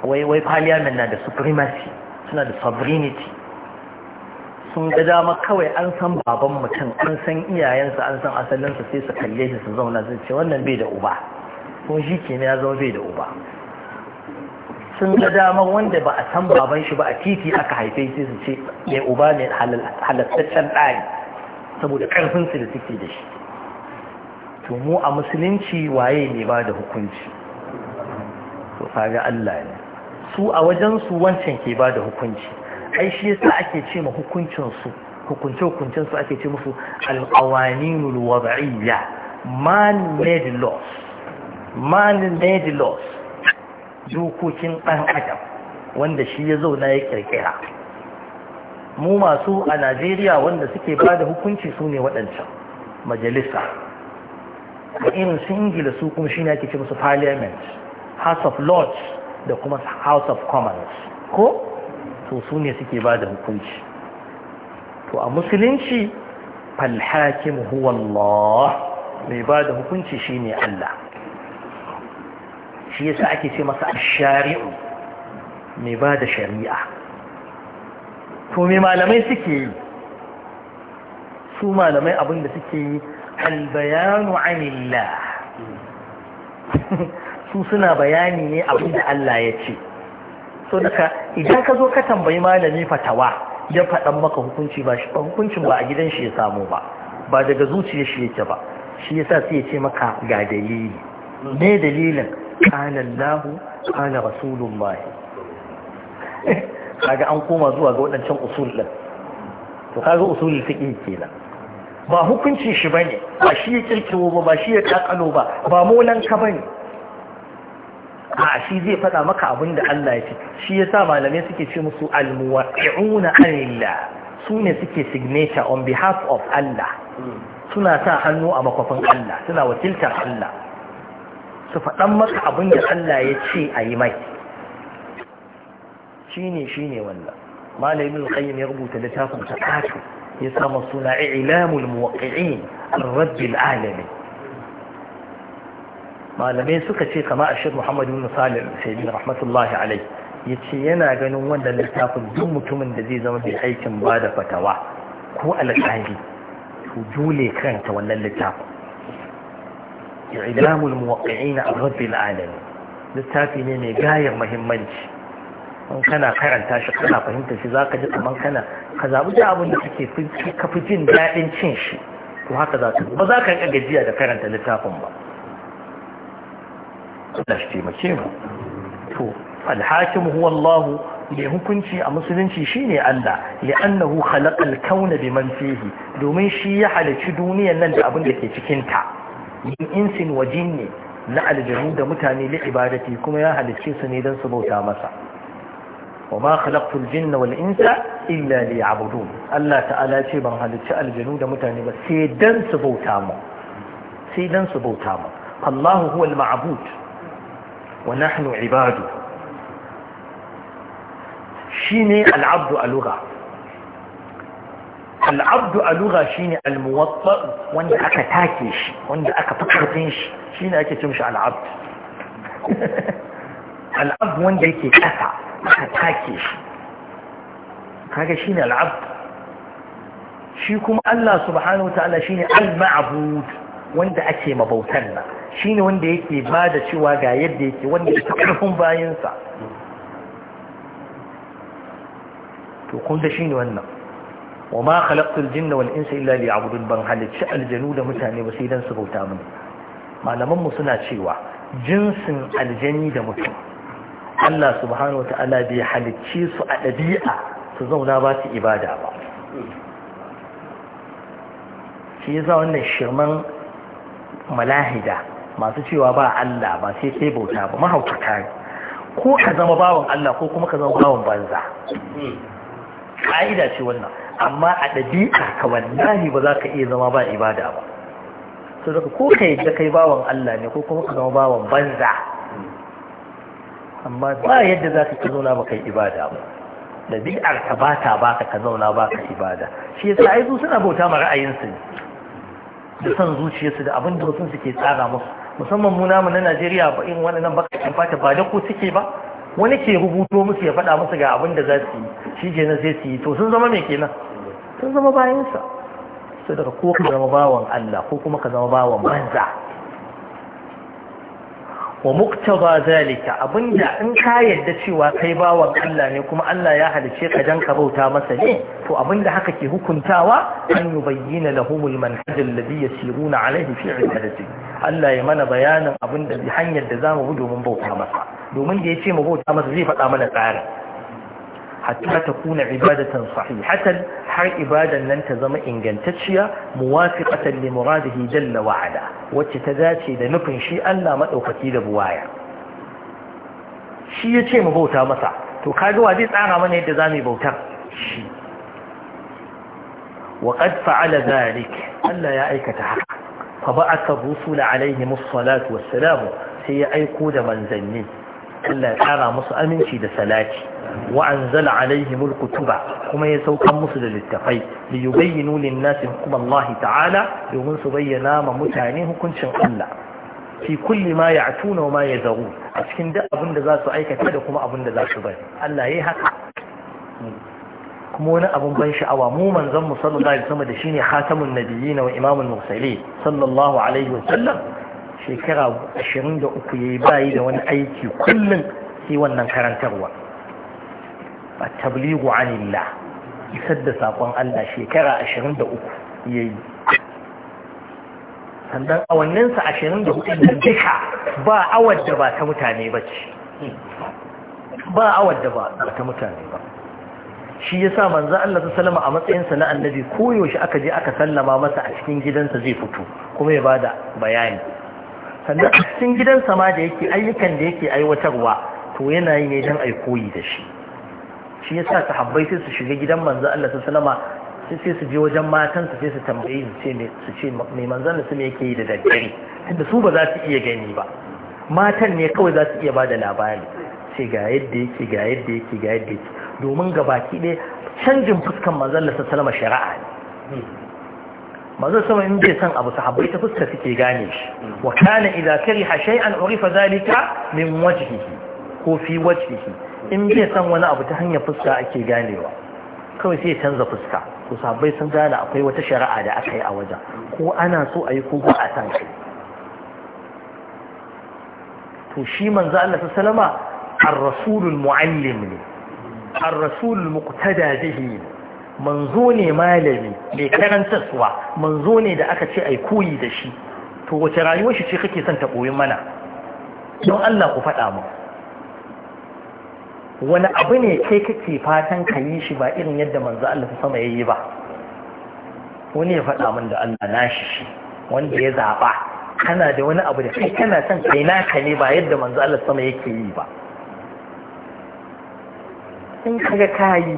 wai wai parliament na da supremacy suna da sovereignty sun ga dama kawai an san baban mutum an san iyayensa an san asalinsa sai su kalle shi su zauna sun ce wannan bai da uba Sun shi ke ya zama bai da uba sun ga dama wanda ba a san baban shi ba a titi aka haife sai su ce mai uba ne halattaccen ɗari saboda su da suke da shi to mu a musulunci waye ne ba da hukunci to kaga Allah ne su a wajen su wancan ke ba da hukunci ai shi yasa ake ce ma hukuncinsu hukunce su ake ce musu alƙawaninul wada'iyya man-made laws man-made laws dokokin ɗan adam wanda shi ya zauna ya ƙirƙira mu masu a najeriya wanda suke ba da hukunci su ne waɗancan majalisa da irin su ingila su kuma shi ne ake ce musu parliament house of lords da kuma house of commons ko to su ne suke ba da hukunci to a musulunci falhakim huwa Allah mai ba da hukunci shine Allah shi yasa ake ce masa ashari'u mai ba da shari'a to me malamai suke yi su malamai abinda suke yi albayanu anillah su suna bayani ne abin da Allah ya ce so daga idan ka zo ka tambayi malami fatawa ya faɗan maka hukunci ba shi hukuncin ba a gidan shi ya samu ba ba daga zuciyar shi yake ba shi yasa sai ya ce maka ga dalili ne dalilin kana Allah kana rasulullah kaga an koma zuwa ga waɗancan usul din to kaga usulul ke kenan ba hukuncin shi bane ba shi ya kirkiro ba ba shi ya kakalo ba ba molan ka bane a shi zai faɗa maka abinda Allah ya ce shi yasa malamai suke ce musu almuwaqi'una anillah su suke signature on behalf of Allah suna sa hannu a makofin Allah suna wakiltar Allah su faɗan maka abin da Allah ya ce a yi mai shine shine wannan malamin qayyim ya rubuta littafin ta ya sama suna ilamul muwaqqi'in ar-rabbil alamin malamai suka ce kama a shir muhammadu misali sayyidin rahmatullahi alai ya ce yana ganin wanda littafin duk mutumin da zai zama bai aikin ba da fatawa ko alƙali to dole karanta wannan littafin إعلام الموقعين عن رب العالمين littafi ne mai gayar mahimmanci in kana karanta shi kana fahimta shi ka ji kamar kana ka zaɓi da abin da kake ka jin daɗin cin shi to haka za ka ba za ka ga gajiya da karanta littafin ba Allah shi taimake mu to alhakim huwa Allah mai hukunci a musulunci shine Allah li'annahu khalaqal kauna biman fihi domin shi ya halarci duniyar nan da abin da ke cikin ta min insin wa jinni na aljanu da mutane li ibadati kuma ya halarci su ne dan su bauta masa wa ma khalaqtul jinna wal insa illa liya'budun Allah ta'ala ce ban halarci aljanu da mutane ba sai dan su bauta mu sai dan su bauta mu Allah huwa al-ma'bud ونحن عباده شيني العبد اللغه العبد اللغه شيني الموطأ وان أكا تاكيش وان أكا تاكيش شيني أكا تمشي العبد العبد وان أكا تاكيش هذا شيني العبد شيكم الله سبحانه وتعالى شيني المعبود وان أكي مبوتنا Shi ne wanda yake ba da cewa ga yadda yake wanda ya ta ƙarfin bayansa to kun da ne wannan wa ma khalaqtul jinna wal insa illa liya'budun ban halicci aljanu da mutane ba sai dan su bauta mun malaman mu suna cewa jinsin aljani da mutum Allah subhanahu wata'ala bai halicci su a ɗabi'a su zauna ba su ibada ba shi ya za wannan shirman malahida masu cewa ba Allah ba sai sai bauta ba mahaukata ne ko ka zama bawan Allah ko kuma ka zama bawan banza Ƙa'ida ce wannan amma a ɗabi'a ka wallahi ba za ka iya zama ba ibada ba to daga ko ka yi kai bawan Allah ne ko kuma ka zama bawan banza amma ba yadda za ka zauna ba kai ibada ba ɗabi'ar ka ba ta ba ka zauna ba ka ibada shi yasa ai su suna bauta ma ra'ayinsu da son zuciyarsu da abin da mutum suke tsara musu musamman mu namu na Najeriya ba irin waɗannan bakakin fata ba da ku suke ba wani ke rubuto musu ya faɗa musu ga abin da za su yi shi kenan sai su yi to sun zama me kenan sun zama bayansa sai daga ko ka zama bawan Allah ko kuma ka zama bawan banza wa muktaba zalika abinda in ka yadda cewa kai bawan Allah ne kuma Allah ya halice ka dan ka bauta masa ne to abinda haka ke hukuntawa an yubayyana lahumul manhaj alladhi yasiruna alayhi fi ibadatihi Allah ya mana bayanin abin da hanyar da zamu bi domin bauta masa domin da yace mu bauta masa zai fada mana tsari hatta ta kuna ibadatan sahihatan har ibadan nan ta zama ingantacciya muwafiqatan li muradihi jalla wa ala wacce ta dace da nufin shi Allah madaukaki da buwaya shi yace mu bauta masa to kaga wa zai tsara mana yadda zamu bauta shi وقد فعل ذلك ألا يا أيكة حقا فبعث الرسل عليهم الصلاة والسلام سي أيقو دا منزني إلا كارا مصر أمنشي دا سلاتي وأنزل عليهم الكتب كما يسوق مصر للتقي ليبينوا للناس حكم الله تعالى يومن سبينا ما متعنيه كنش الله في كل ما يعتون وما يزغون أتكن دا أبن دا ذات أيكة دا كما أبن دا ذات بني الله يهكا kuma wani abin ban sha'awa mu manzon mu sallallahu alaihi wasallam da shine khatamun nabiyyin wa imamul mursalin sallallahu alaihi wasallam shekara 23 yayi bayi da wani aiki kullun sai wannan karantarwa a tablighu anillah isar da sakon Allah shekara 23 yayi sannan awanninsa 24 da duka ba awar da ba ta mutane ba ce ba awar da ba ta mutane ba shi ya sa manzan Allah ta sallama a matsayin na annabi koyaushe aka je aka sallama masa a cikin gidansa zai fito kuma ya bada bayani sannan a cikin gidansa ma da yake ayyukan da yake aiwatarwa to yana yi ne don aikoyi koyi da shi shi ya ta habbai sai su shiga gidan manzan Allah ta sallama sai su je wajen matansa sai su tambaye su ce su ce mai manzan su me yake yi da daddare tunda su ba za su iya gani ba matan ne kawai za su iya ba da labari ce ga yadda yake ga yadda yake ga yadda yake domin gabaki ɗaya canjin fuskan manzon lasa salama shari'a ne manzon sama in bai san abu sahabbai ta fuska suke gane shi wa kana idza kariha shay'an urifa zalika min wajhihi ko fi wajhihi in bai san wani abu ta hanyar fuska ake ganewa kawai sai ya canza fuska to sahabbai sun gane akwai wata shari'a da aka yi a wajen ko ana so a yi ko ba a san shi. to shi manzo Allah sallama ar-rasulul muallim ne الرسول المقتدى به manzo ne malami mai karantarsuwa manzo ne da aka ce ai koyi da shi to wace rayuwar shi ce kake son ta koyi mana don Allah ku faɗa mu wani abu ne kai kake fatan ka yi shi ba irin yadda manzo Allah ta sama yayi ba wani ya faɗa min da Allah na shi shi wanda ya zaɓa kana da wani abu da kai kana son kai naka ne ba yadda manzo Allah sama yake yi ba in kaga kayi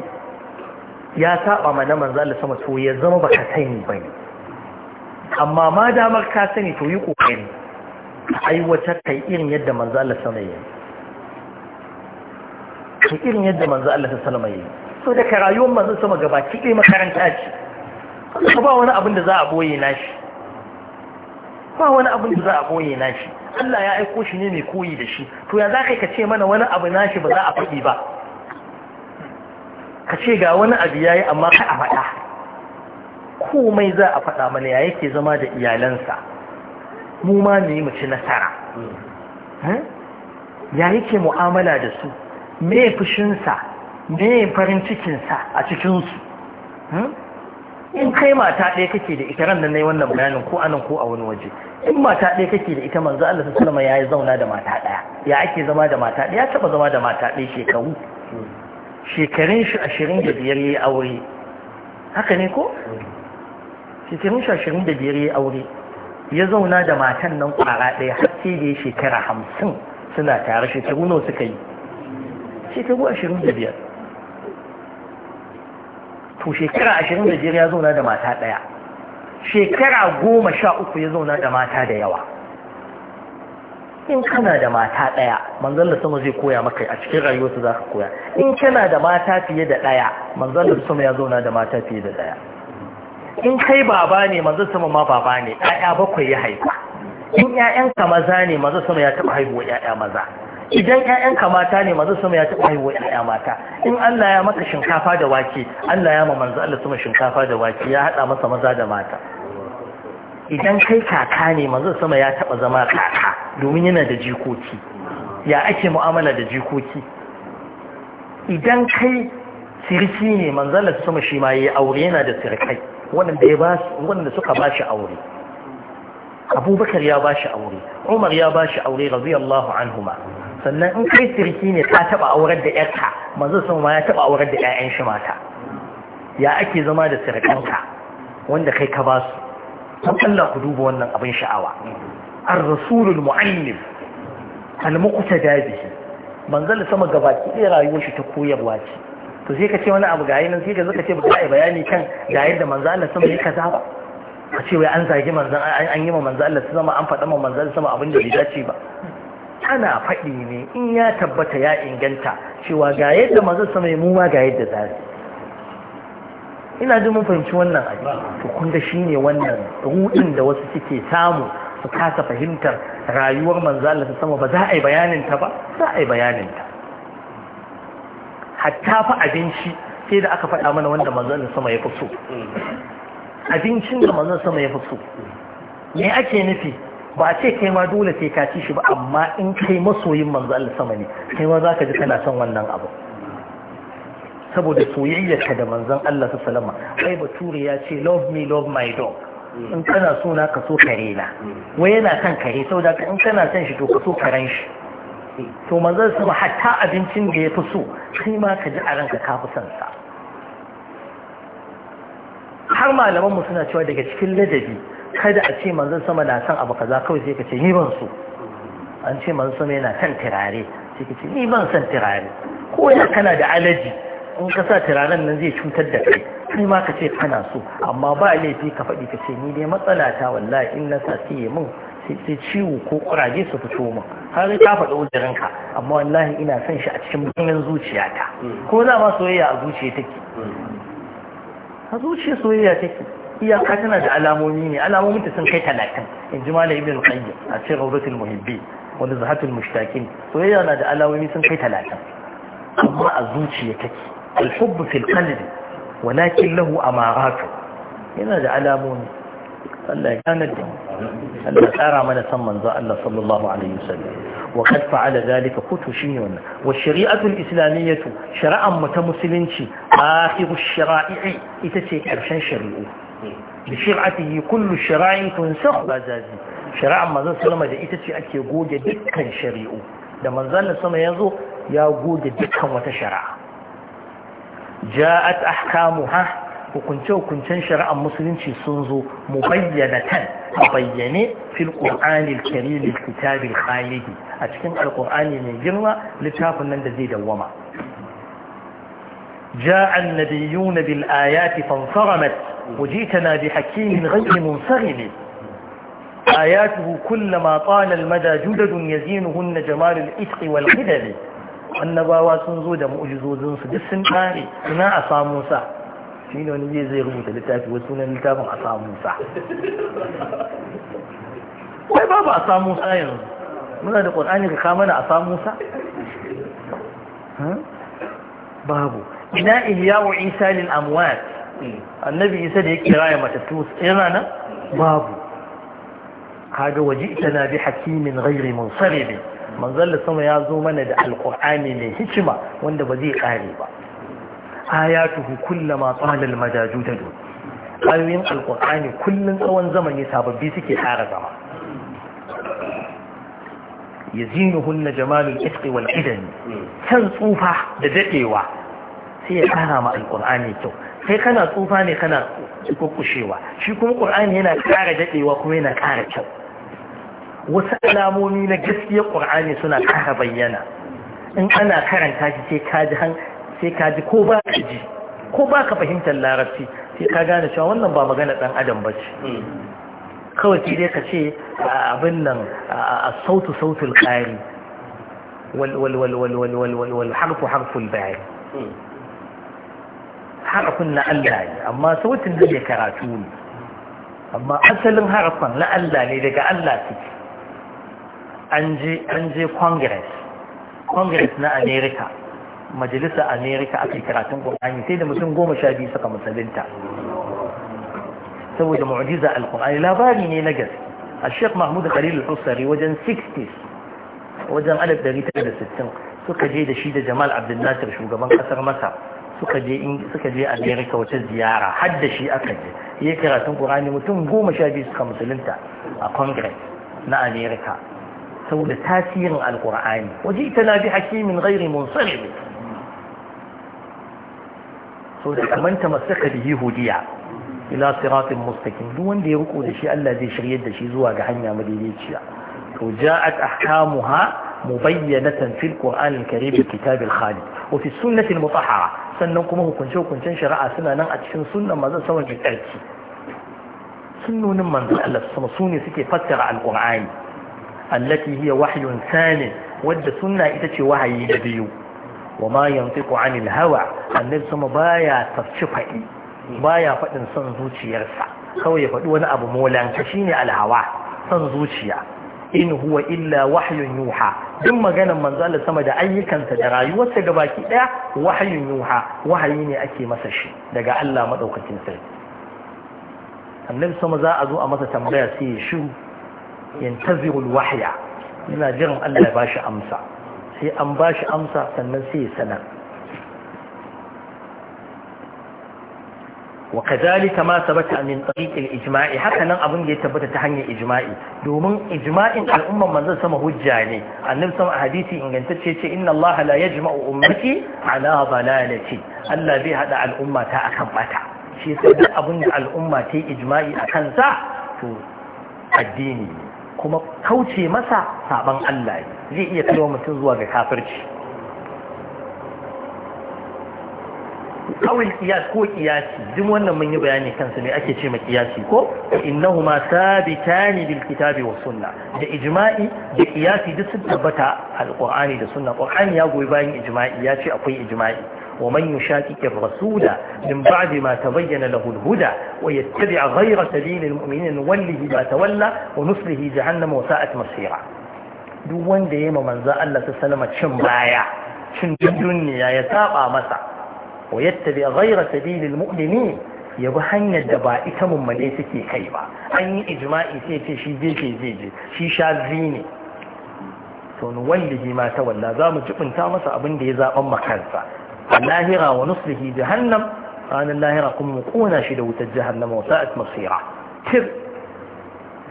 ya saba ma na manzo Allah sama to ya zama baka sani bane amma ma damar ka sani to yi kokari aiwatar kai irin yadda manzo Allah sama yi kai irin yadda manzo Allah sama yi so da ka rayuwar manzo sama ki ɗaya makaranta ce ko ba wani abin da za a boye nashi ba wani abin da za a boye nashi Allah ya aiko shi ne mai koyi da shi to ya za ka ce mana wani abu nashi ba za a faɗi ba ka ce ga wani abu yi amma ka a faɗa komai za a faɗa mana ya yake zama da iyalansa mu ma ne mu ci nasara hmm? ya yake mu'amala da su me fushinsa me farin cikinsa a cikinsu hmm? in kai mata ɗaya kake da ita ran na yi wannan bayanin ko anan ko a wani waje in mata ɗaya kake da ita manzo Allah sallallahu alaihi wasallam ya yi zauna da mata ɗaya ya ake zama da mata ɗaya ya taba zama da mata ɗaya shekaru shekarun shi ashirin da biyar ya yi aure haka ne ko? shekarun shi ashirin da biyar ya yi aure ya zauna da matan nan kwara ɗaya har sai da ya shekara hamsin suna tare shekaru nawa suka yi shekaru ashirin da biyar to shekara ashirin da biyar ya zauna da mata ɗaya shekara goma sha uku ya zauna da mata da yawa in kana da mata ɗaya manzon da sama zai koya maka a cikin rayuwarsa, za ka koya in kana da mata fiye da ɗaya manzon da sama ya zauna da mata fiye da ɗaya in kai baba ne manzon sama ma baba ne ɗaya bakwai ya haifa in ƴaƴanka maza ne manzon sama ya taɓa haihuwa ƴaƴa maza idan ƴaƴanka mata ne manzon sama ya taɓa haihuwa ƴaƴa mata in Allah ya maka shinkafa da wake Allah ya ma manzon Allah sama shinkafa da wake ya haɗa masa maza da mata idan kai kaka ne mazan sama ya taba zama kaka domin yana da jikoki ya ake mu'amala da jikoki idan kai sirki ne manzon sama shi ma yayi aure yana da sirkai wanda suka ba shi aure abubakar ya ba shi aure umar ya ba shi aure radiyallahu anhuma sannan in kai sirki ne ta taba aurar da yarka manzon sama ya taba aurar da ƴaƴan shi mata ya ake zama da sirkanka wanda kai ka ba su don Allah ku duba wannan abin sha'awa ar-rasulul mu'allim al-muqtada bihi manzal sama gabaki ɗaya rayuwar shi ta koyarwa ce to sai ka ce wani abu ga nan sai ka zaka ce ba ka bayani kan ga yadda manzo Allah sama ya kaza ba ka ce wai an zagi manzan an yi ma manzo sama an faɗa ma manzo sama abin da bai dace ba ana faɗi ne in ya tabbata ya inganta cewa ga yadda manzan sama ya muma ga yadda zai ina jin mun fahimci wannan abu to kun shi shine wannan ruɗin da wasu suke samu su kasa fahimtar rayuwar manzo Allah sama ba za a yi bayanin ta ba za a yi bayanin ta hatta fa abinci sai da aka faɗa mana wanda manzo Allah sama ya fi so abincin da manzo sama ya fi so me ake nufi ba a ce kai ma dole sai ka ci shi ba amma in kai masoyin manzo Allah sama ne kai ma za ka ji kana son wannan abu saboda soyayyarka da manzon Allah su salama ai bature ya ce love me love my dog in kana so na ka so kare na wai yana kan kare saboda in kana son shi to ka so karen shi to manzon sama hatta abincin da ya fi so kai ma ka ji a ranka ka fi son sa har malaman mu suna cewa daga cikin ladabi kada a ce manzon sama na son abu kaza kawai sai ka ce ni ban so an ce manzon sama yana son turare sai ka ce ni ban son turare ko ya kana da alaji in ka sa turaren nan zai cutar da kai kai ma ka ce kana so amma ba laifi ka faɗi ka ce ni dai matsala ta wallahi in na sa sai min sai ciwo ko kuraje su fito min har ka faɗi ka, amma wallahi ina son shi a cikin bayan zuciyata mm. ko za ma soyayya a zuciya take mm. a zuciya soyayya take iyaka tana da alamomi ne alamomin ta sun kai talatin in ji malam ibn qayyim a cikin rawdatul muhibbi wani zahatul mushtaqin soyayya na da alamomi sun kai talatin amma a zuciya take الحب في القلب ولكن له أمارات هنا ده علامون الله كانت الله سارع من سمن الله صلى الله عليه وسلم وقد فعل ذلك كتشي والشريعة الإسلامية شرعا متمسلنش آخر الشرائع إتسي كرشان شريعه بشرعته كل الشرائع تنسخ بازازي شرعا ما زال سلم ده إتسي أكي جوجة دكا شريعه ده ما زال سلم ينظر يا جوجة دكا وتشرعه جاءت أحكامها وكنت وكنت شرع المسلمين في سنزو مبينة مبينة في القرآن الكريم الكتاب الخالدي أتكلم القرآن من جرى لتعرف أن نزيد وما جاء النبيون بالآيات فانصرمت وجئتنا بحكيم غير منصرم آياته كلما طال المدى جدد يزينهن جمال الإتق والخدر annabawa sun zo da mu'ujizozinsu duk sun kare suna a samu sa shi ne wani zai rubuta littafi wasu sunan littafin a samu sa wai babu a samu sa yanzu muna da ƙwar'ani ka kama na a samu sa hmm? babu ina iya wa isa lil amwat annabi isa da ya kira ya matattu yana eh, nan babu kaga waje ita na bi hakimin ghairi sarebe. manzon sama ya zo mana da alkur'ani mai hikima wanda ba zai kare ba ayatuhu kullama talal majajudatu ayoyin alqur'ani kullun tsawon zamani sababbi suke ƙara zama yazinuhunna jamalul isqi wal idan san tsufa da dadewa sai ya ƙara ma alqur'ani kyau sai kana tsufa ne kana kukushewa shi kuma qur'ani yana ƙara dadewa kuma yana ƙara kyau wasu alamomi na gaskiyar ƙur'ani suna ƙara bayyana in ana karanta shi sai ka ji ko ba ka ji ko ba ka fahimtar larabci sai ka gane cewa wannan ba magana ɗan adam ba ce hmm. kawai sai dai ka ce abin nan a sautu sautul ƙari wal harfu harful bayan hmm. harafin na Allah ne amma sautin da ya karatu ne amma asalin harafin na Allah ne daga Allah suke an je congress congress na america majalisa america ake karatun ƙwarani sai da mutum goma sha biyu suka musulunta saboda mu'jiza alqur'ani labari ne na gaske a sheikh mahmud khalil husari wajen 60 wajen 1960 suka je da shi da jamal abdulnasir shugaban kasar masar suka je suka je america wata ziyara har da shi aka je ya karatun ƙwarani mutum goma sha biyu suka musulunta a congress na america saboda tasirin alkur'ani waje ita na bi hakimin gairi munsari ne so da kamanta masaka da yahudiya ila siratin mustakin duk wanda ya riko da shi Allah zai shiryar da shi zuwa ga hanya madaidaiciya to ja'at ahkamuha mubayyanatan fil qur'an al-karim kitab al-khalid wa fi sunnah al sannan kuma hukunce hukuncen shari'a suna nan a cikin sunnan manzon sallallahu alaihi wasallam sunnonin manzon Allah sama sune suke fassara al allati hiya wahyun sanin wadda sunna ita ce wahayi da biyu wa ma yantiqu anil hawa annabi sama baya tafci faɗi baya faɗin son zuciyarsa kawai ya faɗi wani abu molanka shine alhawa son zuciya in huwa illa wahyun yuha duk maganar manzo sama da ayyukansa da rayuwarsa gabaki daya wahyun yuha wahayi ne ake masa shi daga Allah madaukakin sarki annabi sama za a zo a masa tambaya sai ya shiru ينتظر jiran Allah جرى الله amsa sai an ba shi amsa sannan sai ya sanar وكذلك ما ثبت من طريق الاجماع هكذا ابن ده يثبت ta hanyar ijma'i domin ijma'in al'umman manzo sama hujja ne annabi sama a hadisi ingantacce ce inna allaha la yajma'u ya ala dalalati allah bai haɗa al'umma ta akan bata shi sai abin da al'umma ta yi ijma'i akan sa to addini ne kuma kauce masa saban Allah zai iya kawo mutum zuwa ga kafirci kawai kiyas ko kiyasi duk wannan mun yi bayani kansu ne ake ce ma kiyasi ko innahuma sabitani bil kitabi wa sunna da ijma'i da kiyasi duk sun tabbata alqur'ani da sunna qur'ani ya goyi bayan ijma'i ya ce akwai ijma'i ومن يشاكك الرسول من بعد ما تبين له الهدى ويتبع غير سبيل المؤمنين نوله ما تولى ونصله جهنم وساءت مصيرا duk wanda ya manza Allah ta salama cin baya cin duniya ya saba masa wa yattabi ghayra sabilil mu'minin ya bi hanyar da ba ita mummune take kai ba an yi ijma'i sai ce shi je ke je je shi sha ne to ni wanda ma ta walla za mu jibinta masa abin da ya zaban makansa lahira wa nuslihi jahannam ranar lahira kuma mu kona shi da wutar jahannama wata at masira tir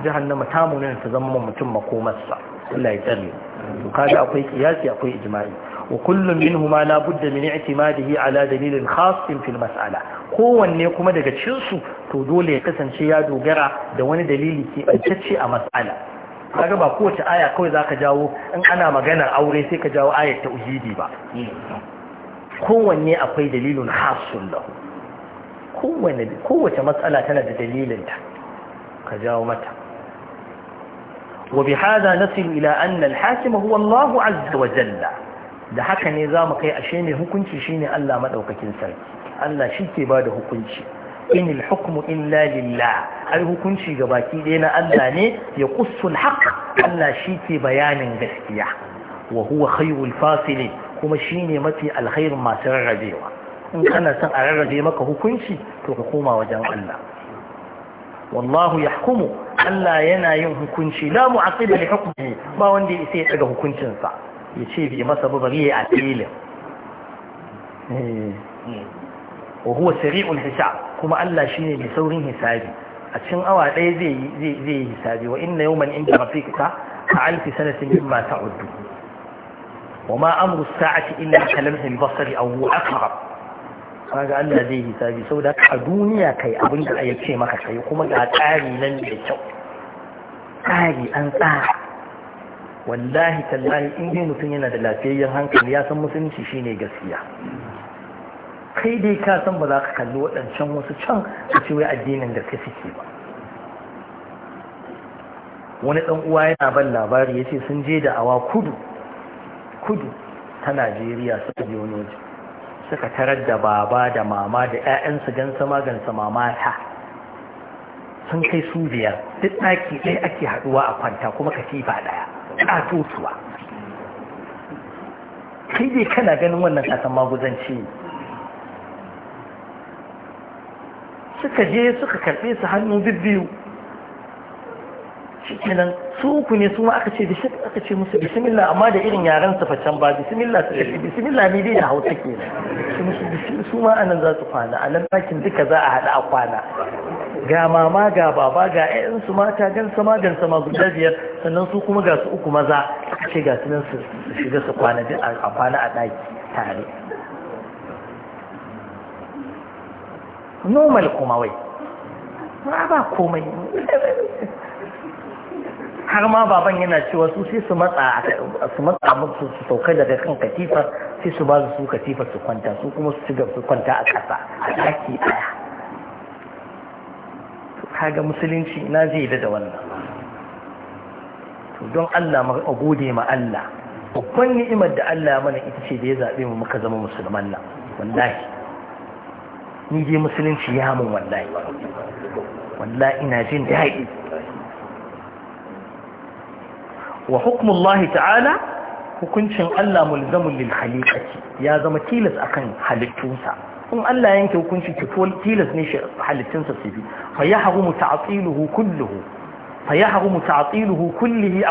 jahannama ta munin ta zama mutum makomarsa Allah ya tsare to kaga akwai kiyasi akwai ijma'i wa kullum minhuma la budda min i'timadihi ala dalilin khassin fil mas'ala kowanne kuma daga cinsu to dole ya kasance ya dogara da wani dalili ke a mas'ala kaga ba kowace aya kawai zaka jawo in ana maganar aure sai ka jawo ayar ta ujidi ba kowanne akwai dalilin hasun kowace matsala tana da dalilinta ka jawo mata wa bi hada nasil ila anna al-hakim huwa Allah azza wa jalla da haka ne zamu kai ashe ne hukunci shine Allah madaukakin sarki Allah shike bada hukunci in al-hukmu illa lillah ai hukunci gabaki ɗaya na Allah ne ya qussu al-haqq Allah shike bayanin gaskiya wa huwa khayrul fasilin kuma shine mafi alkhairin masu rarrabewa in kana son a rarrabe maka hukunci to ka koma wajen Allah wallahu yahkumu Allah yana yin hukunci la mu'aqqiba li hukmihi ba wanda yake ya daga hukuncinsa yace bi masa ba bari ya atilin eh. wa huwa sari'ul hisab kuma Allah shine mai saurin hisabi a cikin awa ɗaya zai yi hisabi wa inna yawman inda rafiqka ka alfi sanatin mimma ta'uddu وما أمر الساعة إلا كلمح البصر أو أقرب kaga Allah zai yi sabi saboda a duniya kai abin da ya ce maka kai kuma ga tsari nan da kyau tsari an tsara wallahi tallahi in dai mutum yana da lafiyayyen hankali ya san musulunci shine gaskiya kai dai ka san ba za ka kalli waɗancan wasu can a ce wai addinin da ka suke ba wani ɗan uwa yana ban labari ya ce sun je da awa kudu kudu ta najeriya suka je wani suka tarar da baba da mama da 'ya'yansu gansa magansa mamata sun kai su biyar duk ɗaki ɗaya ake haɗuwa a kwanta kuma katifa ɗaya ƙatotuwa kai dai kana ganin wannan kasan maguzanci suka je suka karɓe su hannu biyu Cikinan su ku ne su ma aka ce da aka ce musu bismillah amma da irin yaran su can ba bismillah su ce bismillah ne dai da hausa ke su musu su ma anan za su kwana a nan ɗakin duka za a haɗa a kwana ga mama ga baba ga ƴaƴan su mata gan sama gan sama guda biyar sannan su kuma ga su uku maza aka ce ga su nan su shiga su kwana a kwana a ɗaki tare normal kuma wai ba komai har ma baban yana cewa su sai su matsa su matsa musu su sauka daga kan katifa sai su ba su katifa su kwanta su kuma su ci su kwanta a ƙasa a ɗaki ɗaya to kaga musulunci ina zai yi da wannan to don Allah mu gode ma Allah babban ni'imar da Allah mana ita ce da ya zaɓe mu muka zama musulman nan wallahi ni je musulunci ya mun wallahi wallahi ina jin daɗi wa hukmullahi ta'ala hukuncin Allah mulzamun lil ya zama tilas kan halittunsa in Allah yanke hukunci to tilas ne shi halittunsa su bi fa yahrumu ta'tiluhu kulluhu fa yahrumu kullihi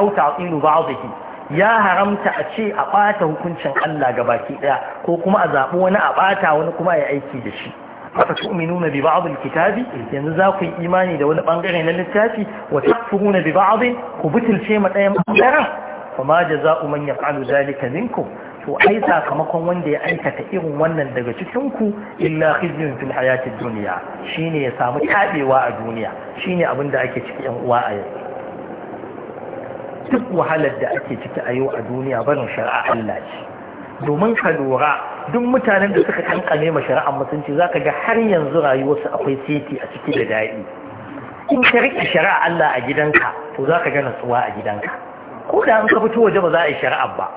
ya haramta a ce a bata hukuncin Allah gabaki daya ko kuma a zaɓi wani a bata wani kuma ya aiki da shi haka tu'minuna bi ba'd al-kitabi yanzu za ku yi imani da wani bangare na littafi wa takfuruna bi ba'd ku butulce ma ɗayan bangaren da jaza'u man yaf'alu zalika minkum to ai sakamakon wanda ya aikata irin wannan daga cikin ku illa khizyun fil hayatid dunya shine ya samu tabewa a duniya shine abin da ake ciki yan uwa a yanzu duk wahalar da ake ciki a yau a duniya barin shari'a Allah ce domin ka lura duk mutanen da suka kankane ma shari'ar musulunci za ka ga har yanzu rayuwarsu akwai seti a ciki da daɗi in ka riƙe shari'a Allah a gidanka to za ka ga natsuwa a gidanka ko da an ka fito waje ba za a yi shari'a ba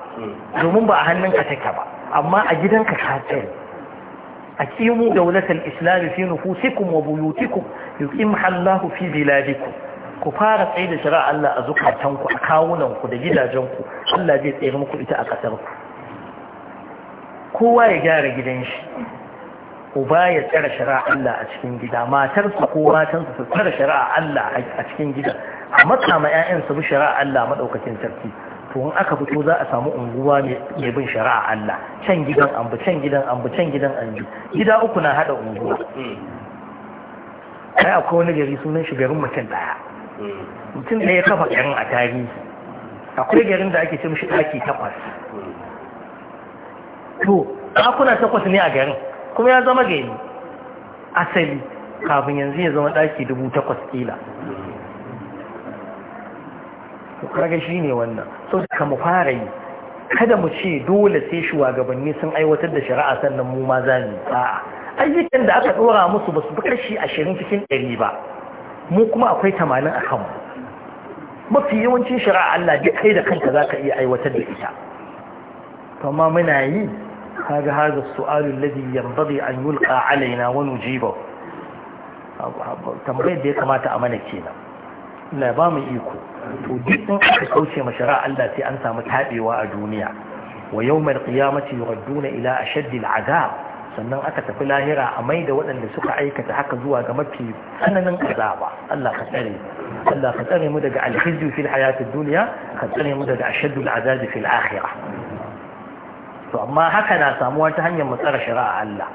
domin ba a hannun take ba amma a gidanka ka tsare أقيموا دولة الإسلام في نفوسكم ku fara الله في بلادكم كفارة عيد a الله a kawunanku da gidajenku allah zai الله muku ita a أكثركم kowa ya gyara gidan shi uba ya tsara shari'a Allah a cikin gida matarsa ko matansa su tsara shari'a Allah a cikin gida a matsa ma ƴaƴan su bi shari'a Allah madaukakin sarki to in aka fito za a samu unguwa mai bin shari'a Allah can gidan an bi can gidan an bi can gidan an bi gida uku na hada unguwa kai akwai wani gari sunan shi garin mutum daya mutum ɗaya kafa garin a tarihi akwai garin da ake ce mishi daki takwas to ɗakuna takwas ne a garin kuma ya zama gari asali kafin yanzu ya zama daki dubu takwas kila kaga shi ne wannan so ka mu fara yi kada mu ce dole sai shugabanni sun aiwatar da shari'a sannan mu ma za mu a'a ayyukan da aka dora musu ba su bi karshe ashirin cikin ɗari ba mu kuma akwai tamanin a kanmu mafi yawancin shari'a Allah duk kai da kanka za ka iya aiwatar da ita amma muna yi هذا هذا السؤال الذي ينبغي أن يلقى علينا ونجيبه تنبغي دي كما kamata a mana kenan la ba mu iko to duk in aka kauce ma shari'a Allah sai an samu sannan aka tafi lahira a mai da waɗanda suka aikata haka zuwa ga mafi tsananin azaba Allah ka tsare Allah ka tsare mu daga alhizbi fil hayatid dunya ka tsare mu daga ashaddul azabi fil akhirah to amma haka na samuwa ta hanyar matsara shari'a Allah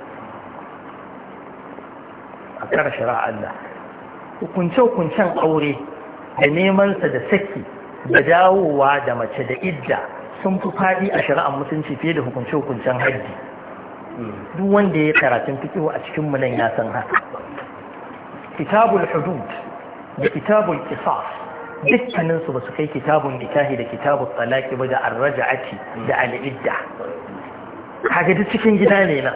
a tsara shari'a Allah hukunce-hukuncen aure da nemansa da saki da dawowa da mace da idda sun fi faɗi a shari'ar mutunci fiye da hukunce-hukuncen haji duk wanda ya karatun fikihu a cikin mu nan ya san haka kitabul hudud da kitabul qisas dukkaninsu ba su kai kitabun nikahi da kitabun talaki ba da ake da al'idda kaga duk cikin gida ne na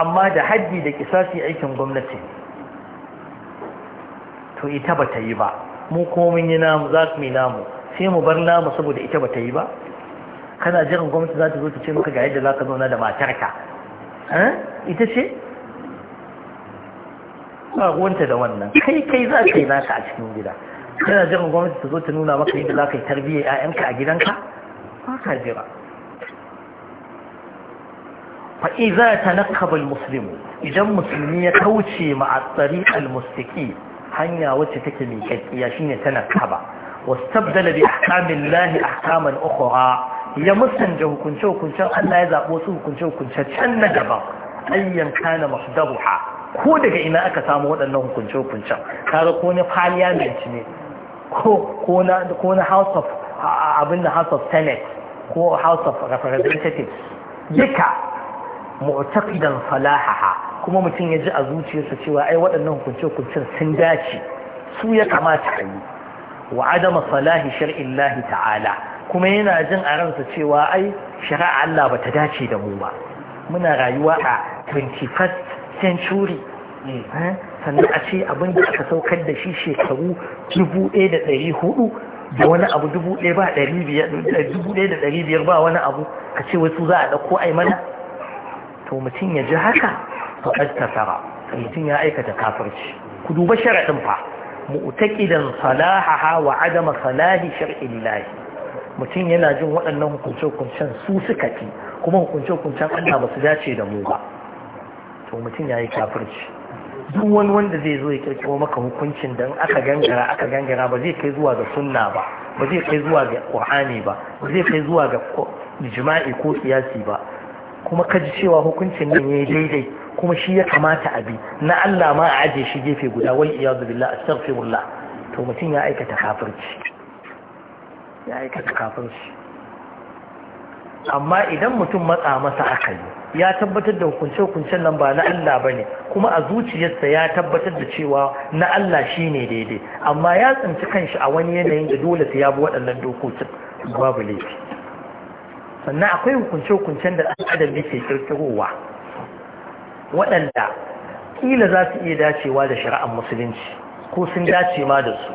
amma da haddi da kisasi aikin gwamnati to ita ba ta yi ba mu komin mun yi namu za mu yi namu sai mu bar namu saboda ita ba ta yi ba kana jiran gwamnati za ta zo ta ce maka ga yadda za ka zauna da matarka eh? ita ce ragowanta da wannan kai kai za yi naka a cikin gida yana jiran gwamnati ta zo ta nuna maka yadda za ka yi tarbiyyar 'ya'yanka a gidanka ba ka jira fa'i za ta nakabal muslim idan musulmi ya kauce ma a tsari al-mustaki hanya wacce take mai kakkiya shine ta nakaba wastabdala bi ahkamin lahi ahkaman ukhra ya musanta hukunce hukuncen Allah ya zabo wasu hukunce hukunce can na gaba ayyan kana mahdabuha ko daga ina aka samu waɗannan hukunce-hukuncen kare ko na parliament ne ko na house of abin da house of senate ko house of representatives duka mu'taqidan falahaha kuma mutum ya ji a zuciyarsa cewa ai waɗannan hukunce-hukuncen sun dace su ya kamata a yi wa adama salahi lahi ta'ala kuma yana jin a ransa cewa ai shari'a Allah ba ta dace da mu ba muna rayuwa a 21st century hmm. eh, sannan a ce abin da aka saukar da shi shekaru 1400 da wani abu 1500 eh, ba wani abu ka ce wasu za a ɗauko ai mana to mutum ya ji haka to tara, mutum ya aikata kafirci ku duba sharaɗin fa mu'taqidan salahaha wa adama salahi shar'in lahi mutum yana jin waɗannan hukunce-hukuncen su suka ci kuma hukunce-hukuncen Allah ba su dace da mu ba to mutum ya yi kafirci duk wani wanda zai zo ya kirkiro maka hukuncin dan aka gangara aka gangara ba zai kai zuwa ga sunna ba ba zai kai zuwa ga qur'ani ba ba zai kai zuwa ga jima'i ko kiyasi ba kuma ka ji cewa hukuncin nan yayi daidai kuma shi ya kamata a bi na Allah ma a aje shi gefe guda wai iyazu billah astaghfirullah to mutum ya aikata kafirci ya aikata kafirci amma idan mutum matsa masa aka yi ya tabbatar da hukunce-hukuncen nan ba na Allah ba ne kuma a zuciyarsa ya tabbatar da cewa na Allah shi ne daidai amma ya tsinci kanshi a wani yanayin da dole su ya bi waɗannan dokokin babu laifi sannan akwai hukunce-hukuncen da ɗan adam yake ƙirƙirowa waɗanda kila za su iya dacewa da shari'ar musulunci ko sun dace ma da su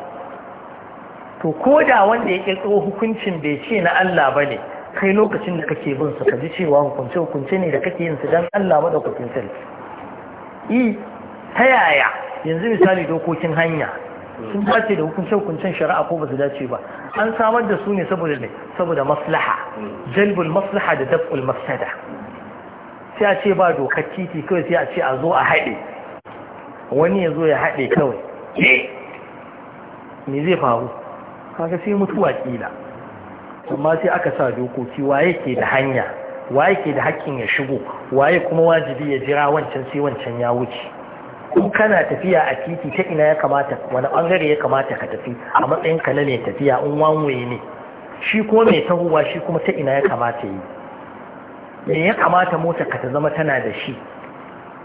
to ko da wanda ya ƙirƙiro hukuncin bai ce na Allah ba ne kai lokacin da kake bin su ka ji cewa hukunce hukunce ne da kake yin su dan Allah madaukakin sarki i ta yaya yanzu misali dokokin hanya sun dace da hukunce hukuncen shari'a ko ba su dace ba an samar da su ne saboda ne saboda maslaha jalbul maslaha da daf'ul mafsada sai a ce ba dokar titi kawai sai a ce a zo a haɗe wani ya zo ya haɗe kawai eh, me zai faru kaga sai mutuwa kila amma sai aka sa dokoki waye ke da hanya waye ke da hakkin ya shigo waye kuma wajibi ya jira wancan sai wancan ya wuce in kana tafiya a titi ta ina ya kamata wani bangare ya kamata ka tafi a matsayin ka na tafiya in wanwaye ne shi kuma mai tahowa shi kuma ta ina ya kamata yi me ya kamata mota ka ta zama tana da shi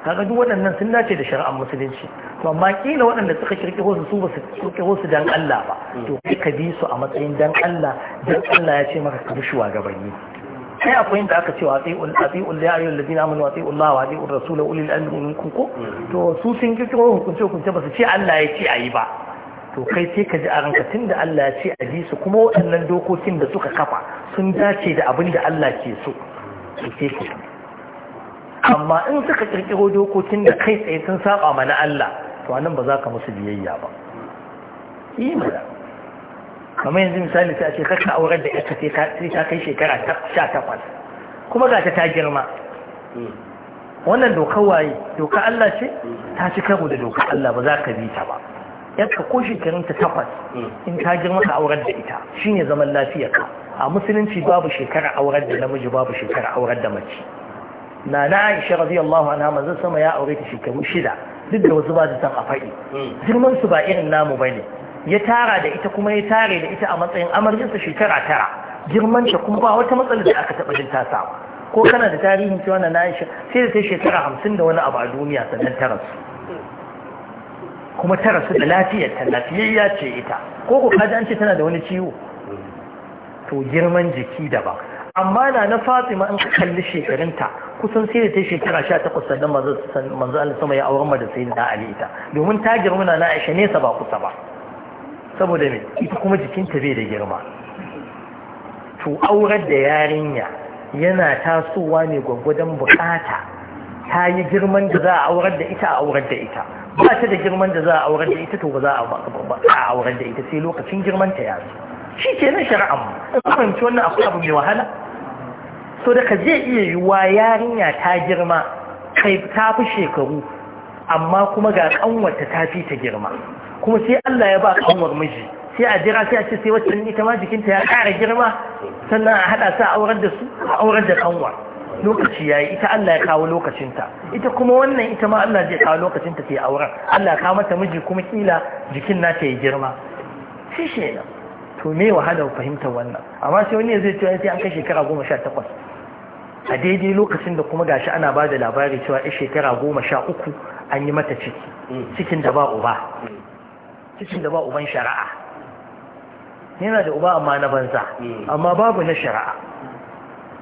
kaga duk waɗannan sun dace da shari'ar musulunci to amma kila waɗanda suka kirki su su ba su kirkiro su dan Allah ba mm. to kai ka bi su a matsayin dan Allah dan Allah ya ce maka ka bi shugabanni sai akwai inda aka ce wa atiul atiul ya ayyuhal ladina amanu atiul Allah wa atiur rasul ulil amri minkum ko mm. to su sun kirkiro hukunce hukunce ba su ce Allah ya ce ayi ba to kai sai ka ji a ranka tunda Allah ya ce a bi su kuma waɗannan dokokin da suka kafa sun dace da abin da Allah ke so sai amma in suka kirkiro dokokin da kai tsaye sun saba mana Allah to anan ba za ka musu biyayya ba imana kuma yanzu misali sai a ce kaka aurar da yarka sai ta kai shekara sha takwas kuma ga ta ta girma wannan dokar waye doka Allah ce ta ci karo da doka Allah ba za ka bi ta ba yarka ko shekarun ta takwas in ta girma ka aurar da ita shine zaman ka. a musulunci babu shekara aurar da namiji babu shekara aurar da mace na na aisha radiyallahu anha manzon sama ya aure ta shekaru shida duk da wasu ba su san a faɗi hmm. girman su ba irin namu ba ne. ya tara da ita kuma ya tare da ita a matsayin su shekara tara girman ta kuma ba wata matsala da aka taɓa jin ta ko kana da tarihin cewa na na aisha sai da ta shekara hamsin da wani abu a duniya sannan ta rasu kuma ta rasu da lafiyar ta lafiyayya ce ita ko ko kaji an ce tana da wani ciwo hmm. to girman jiki daban amma na na fatima in ka kalli shekarunta kusan sai da ta shekara sha takwas sannan manzo Allah sama ya auren da sai da Ali ita domin ta girma na Aisha nesa ba kusa ba saboda me ita kuma jikinta bai da girma to aurar da yarinya yana tasowa ne gwaggwadon bukata ta yi girman da za a aurar da ita a aurar da ita ba ta da girman da za a aurar da ita to ba za a aurar da ita sai lokacin girman ta ya zo shi ke nan shari'ar mu in fahimci wannan akwai abu mai wahala so da ka zai iya yiwuwa yarinya ta girma kai ta fi shekaru amma kuma ga kanwarta ta fi ta girma kuma sai Allah ya ba kanwar miji sai a jira sai a ce sai wacce ita ma jikinta ya ƙara girma sannan a haɗa sa aurar da su a aurar da kanwar lokaci yayi ita Allah ya kawo lokacinta ita kuma wannan ita ma Allah zai kawo lokacinta ta yi auren Allah ya kawo mata miji kuma kila jikin nata ya girma shi kenan to me wahala fahimtar wannan amma sai wani zai ce sai an kai shekara goma sha takwas a daidai lokacin da kuma gashi ana ba da labari cewa a shekara goma sha uku an yi mata ciki mm. cikin da ba uba mm. cikin da ba uban shari'a yana da uba amma na banza mm. amma babu na shari'a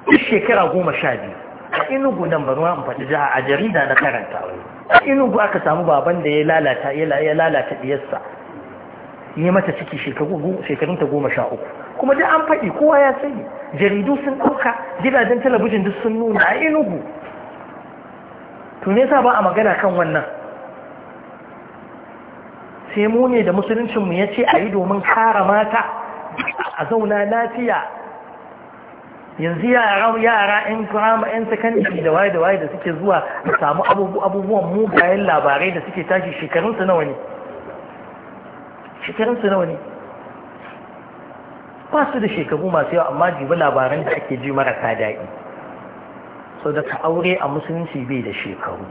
duk shekara goma sha biyu a inugu nan ba ruwa faɗi jiha a jarida na karanta a inugu aka samu baban da ya lalata ya lalata diyarsa ya mata ciki shekarunta goma sha uku kuma duk an faɗi kowa ya sani jaridu sun ɗauka gidajen talabijin duk sun nuna a inugu to ne ba a magana kan wannan sai mu ne da musuluncinmu ya ce a yi domin kara mata a zauna lafiya yanzu yara yan kurama yan sakandari da waye da waye da suke zuwa da samu abubuwan mugayen labarai da suke tashi shekarunsu nawa ne shekarunsu nawa ne ba su da shekaru masu yawa amma jibi labaran da ake ji mara daɗi sau da ka aure a musulunci bai da shekaru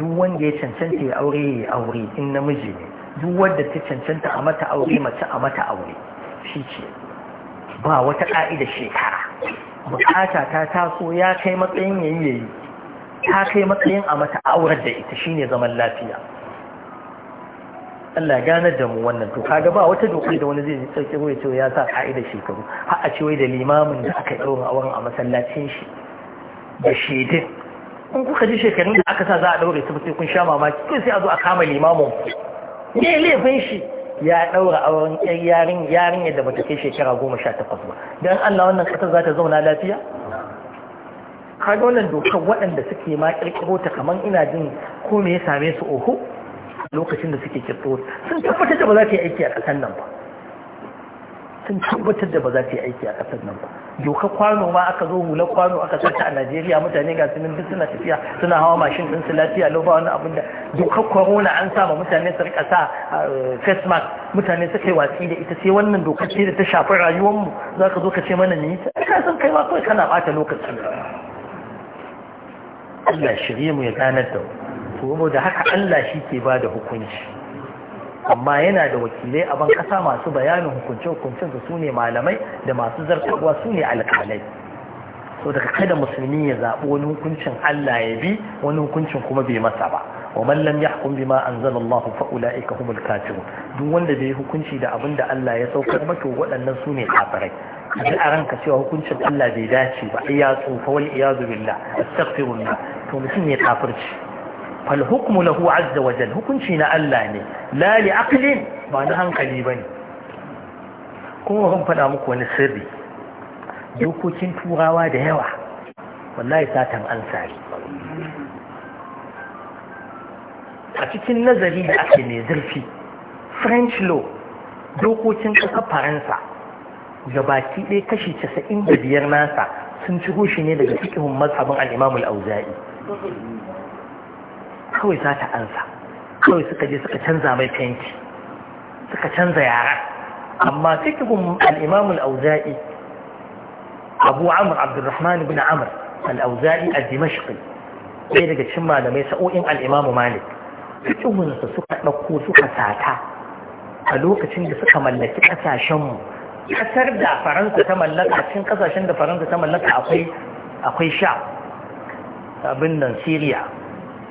duk wanda ya cancanta ya aure ya aure in namiji ne duk wadda ta cancanta a mata aure mace a mata aure shi ce ba wata ƙa'ida shekara bukata ta taso ya kai matsayin yayi yayi ta kai matsayin a mata aurar da ita shine zaman lafiya Allah ya ganar da mu wannan to kaga ba wata doka da wani zai sauke ko ya ce ya sa ka'ida shekaru har a ce wai da limamin da aka a auren a masallacin shi da shedin in kuka ji shekarun da aka sa za a daure su sai kun sha mamaki to sai a zo a kama limamin ne laifin shi ya daura auren yarin yarinya da bata kai shekara goma sha takwas ba dan Allah wannan kasar za ta zauna lafiya kaga wannan dokar waɗanda suke ma kirkiro ta kaman ina jin ko me ya same su oho lokacin da suke kirto sun tabbatar da ba za ta yi aiki a ƙasar nan ba sun tabbatar da ba za ta yi aiki a ƙasar nan ba doka kwano ma aka zo hula kwano aka sata a najeriya mutane ga sunan duk suna tafiya suna hawa mashin ɗin su lafiya lau na wani abin da dokar corona an sa ma mutane su rika sa face mask mutane su kai watsi da ita sai wannan dokar ce da ta shafi rayuwarmu za ka zo ka ce mana ni ka san kai ma kawai kana ɓata lokacin Allah shirye mu ya ganar da mu to da haka Allah shi ke ba da hukunci amma yana da wakilai a ban kasa masu bayanin hukunce-hukuncen da su ne malamai da masu zartarwa su ne alƙalai so daga kada musulmi ya zaɓi wani hukuncin Allah ya bi wani hukuncin kuma bai masa ba wa man lam yahkum bima anzala Allah fa ulaika humul kafirun duk wanda bai hukunci da abin da Allah ya saukar ba to waɗannan su ne kafirai kaji a ranka cewa hukuncin Allah bai dace ba ai ya tsufa wal iyadu billah astaghfirullah to mutum ya kafirci fal hukmu lahu azza wa hukunci na Allah ne la li ba na hankali bane kuma ban faɗa muku wani sirri dokokin turawa da yawa wallahi satan an sari a cikin nazari da ake mai zurfi french law dokokin ƙasar faransa gabaki ɗaya kashi casa'in da biyar nasa sun ci shi ne daga cikin mazhabin al'imamul auza'i kawai za ta ansa kawai suka je suka canza mai fenti suka canza yara amma cikin al'imamul auza'i abu amur abdurrahman ibn amur al'auza'i a dimashqi ɗaya daga cin malamai sa'o'in al'imamu malik cikinsa suka ɗauko suka sata a lokacin da suka mallaki ƙasashenmu ƙasar da faransa ta mallaka cikin ƙasashen da faransa ta mallaka akwai sha abin nan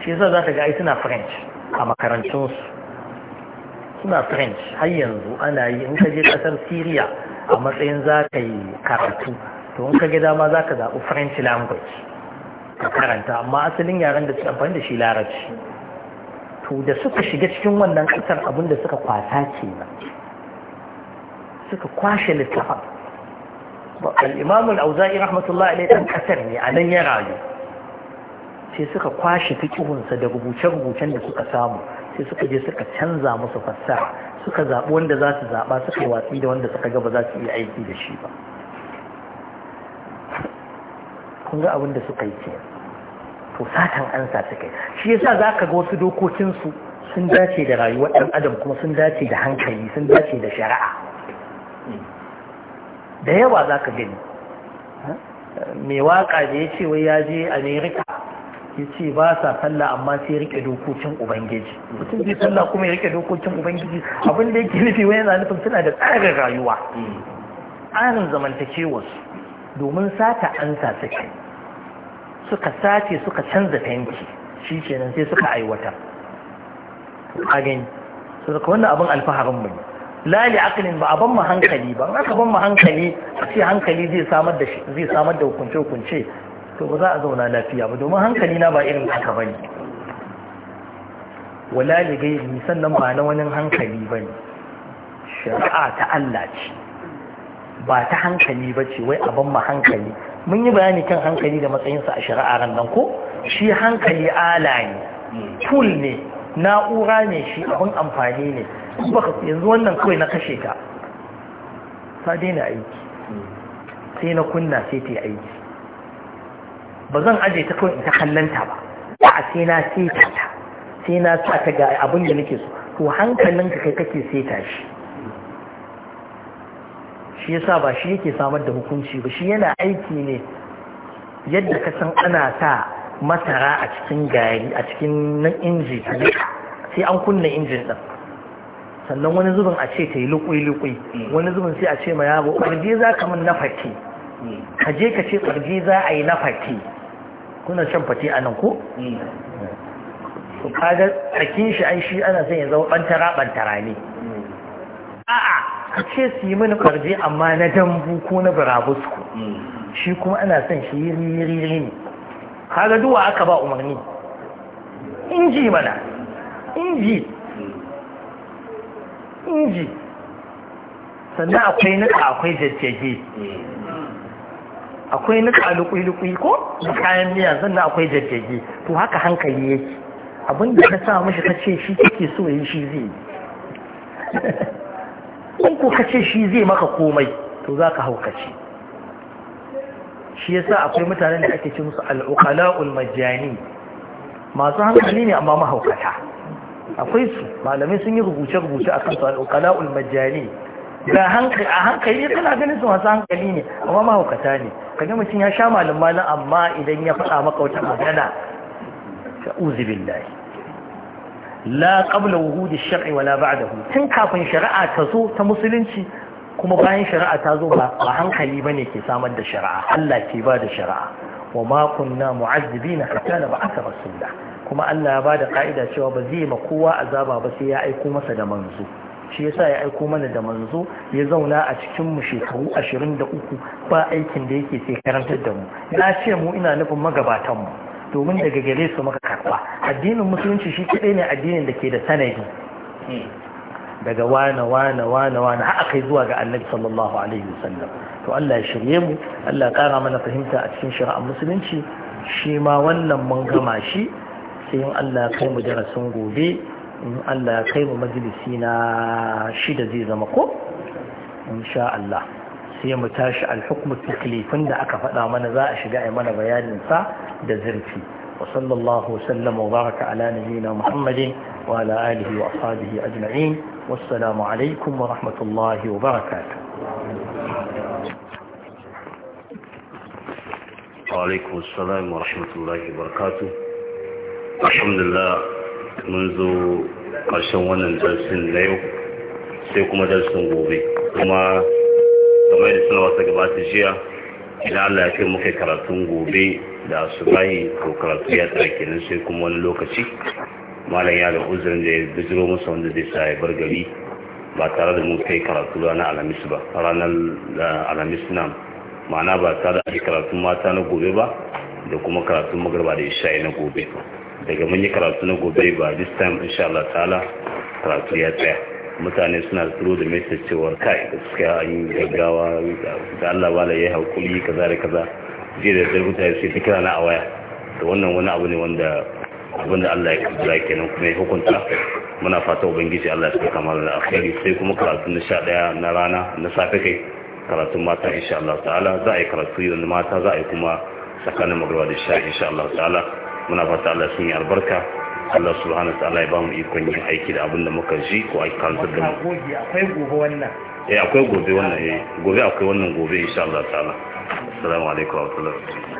shi yasa za ta ga ai suna french a makarantunsu suna french har yanzu ana yi in ka je kasar syria a matsayin za ka yi karatu to in ka ga dama za ka zaɓi french language ka karanta amma asalin yaren da su amfani da shi larabci to da suka shiga cikin wannan kasar abin da suka kwasa ke nan suka kwashe littafin al-imamul auza'i rahmatullahi alaihi dan kasar ne a nan ya rayu sai suka kwashe fiƙihunsa da rubuce-rubucen da suka samu sai suka je suka canza musu fassara suka zaɓi wanda za su zaɓa suka watsi da wanda suka gaba za su iya aiki da shi ba kun ga abin da suka yi ke to satan ansa suka yi shi yasa za ka ga wasu dokokinsu sun dace da rayuwar ɗan adam kuma sun dace da hankali sun dace da shari'a da yawa za ka gani mai waka da ya ce wai ya je amerika ya ce ba sa sallah amma sai rike dokokin ubangiji mutum zai sallah kuma ya rike dokokin ubangiji abin da yake nufi wani na nufin suna da tsarin rayuwa tsarin su domin sata an sa suke suka sace suka canza fenti shi kenan sai suka aiwata a gani su zaka wannan abin alfaharin mu lali akalin ba a ban mu hankali ba in aka ban mu hankali a ce hankali zai samar da hukunce hukunce to ba za a zauna lafiya ba domin hankali na ba irin haka bane wala ne gairi sannan ba na wani hankali bane shari'a ta Allah ce ba ta hankali ba ce wai abin ma hankali mun yi bayani kan hankali da matsayin matsayinsa a shari'a ran nan ko shi hankali ala ne tool ne na'ura ne shi abin amfani ne yanzu wannan kawai na kashe ta ta na aiki sai na kunna sai ta yi aiki ba zan ajiye ta kawai in ta kallanta ba a sai na seta ta sai na sa ta ga abin da nake so to hankalin ka kai kake seta shi shi yasa ba shi yake samar da hukunci ba shi yana aiki ne yadda ka san ana sa masara a cikin gari a cikin nan inji sai an kunna injin din sannan wani zubin a ce ta yi lukwai lukwai wani zubin sai a ce ma yaro ƙarji za ka min na fati hmm. ka je ka ce ƙarji za a yi na fati kuna shan fati a nan ko? su kaga tsakin shi an shi ana son ya zama bantara bantara ne a'a ka ce su yi mini kwarje amma na dambu ko na burabusku shi kuma ana son shi yi riri ne kaga duwa aka ba umarni inji mana inji inji sannan akwai nika akwai jajjage akwai nika lukwi lukwi ko da kayan miya zanna akwai jajjage to haka hankali yake abinda ka sa mashi ka ce shi kake so yi shi zai in ko ka ce shi zai maka komai to za ka haukace shi yasa akwai mutane da ake ce musu al'ukala ulmajani masu hankali ne amma mahaukata akwai su malamai sun yi rubuce-rubuce a kan su al'ukala ulmajani. da hankali a hankali kana ganin su masu hankali ne amma mahaukata ne kaga mutum ya sha malam-malam amma idan ya faɗa maka wata magana sha'uzu billahi la qabla wuhudi shar'i wala ba'dahu tun kafin shari'a ta zo ta musulunci kuma bayan shari'a ta zo ba hankali bane ke samar da shari'a Allah ke ba da shari'a wa ma kunna mu'azzibina hatta nab'atha rasula kuma Allah ya ba da ka'ida cewa ba zai ma kowa azaba ba sai ya aiko masa da manzo shi yasa ya aiko mana da manzo ya zauna a cikin mu shekaru ashirin da ba aikin da yake sai karantar da mu na ce mu ina nufin magabatan mu domin daga gare su maka karba addinin musulunci shi kaɗai ne addinin da ke da sanadi daga wane wane wane wane har akai zuwa ga annabi sallallahu alaihi wasallam to Allah ya shirye mu Allah ya kara mana fahimta a cikin shari'ar musulunci shi ma wannan mun gama shi sai in Allah ya kai mu darasin gobe in Allah ya kai mu majalisi na shida zai zama ko insha Allah sai mu tashi alhukumatu kilifin da aka faɗa mana za a shiga a mana bayanin sa da zurfi wa sallallahu sallam wa baraka ala nabiyyina muhammadin wa ala alihi wa ashabihi ajma'in wassalamu alaikum wa rahmatullahi wa barakatuh وعليكم السلام ورحمة الله وبركاته الحمد لله mun zo ƙarshen wannan darsin na yau sai kuma darsin gobe kuma kamar da suna ta gabata jiya idan Allah ya kai muka karatun gobe da su bayi ko karatu ya tsara kenan sai kuma wani lokaci malam ya da uzurin da ya bijiro masa wanda zai sa ya bar gari ba tare da mun kai karatu ranar alhamis ba ranar eh, alamis na ma'ana ba tare da karatun mata na gobe ba da kuma karatun magarba da isha'i na gobe daga mun yi karatu na gobe ba this time insha Allah ta'ala karatu ya tsaya mutane suna turo da mai cewar kai da an yi gaggawa da Allah wala yayi hakuri kaza da kaza jiya da zai mutane sai fikira na a waya to wannan wani abu ne wanda abinda Allah ya kaddara kenan kuma ya hukunta muna fata ubangiji Allah ya saka da alkhairi sai kuma karatu na daya na rana na safe kai karatu mata insha Allah ta'ala za a yi karatu yanzu mata za a yi kuma tsakanin magriba da sha insha Allah ta'ala muna fata Allah sun yi albarka Allah su hana ta Allah ya ba mu ikon yin aiki da abin da muka ji ko aiki kan da mu akwai gobe wannan eh akwai gobe wannan eh gobe akwai wannan gobe insha Allah ta'ala assalamu alaikum wa rahmatullahi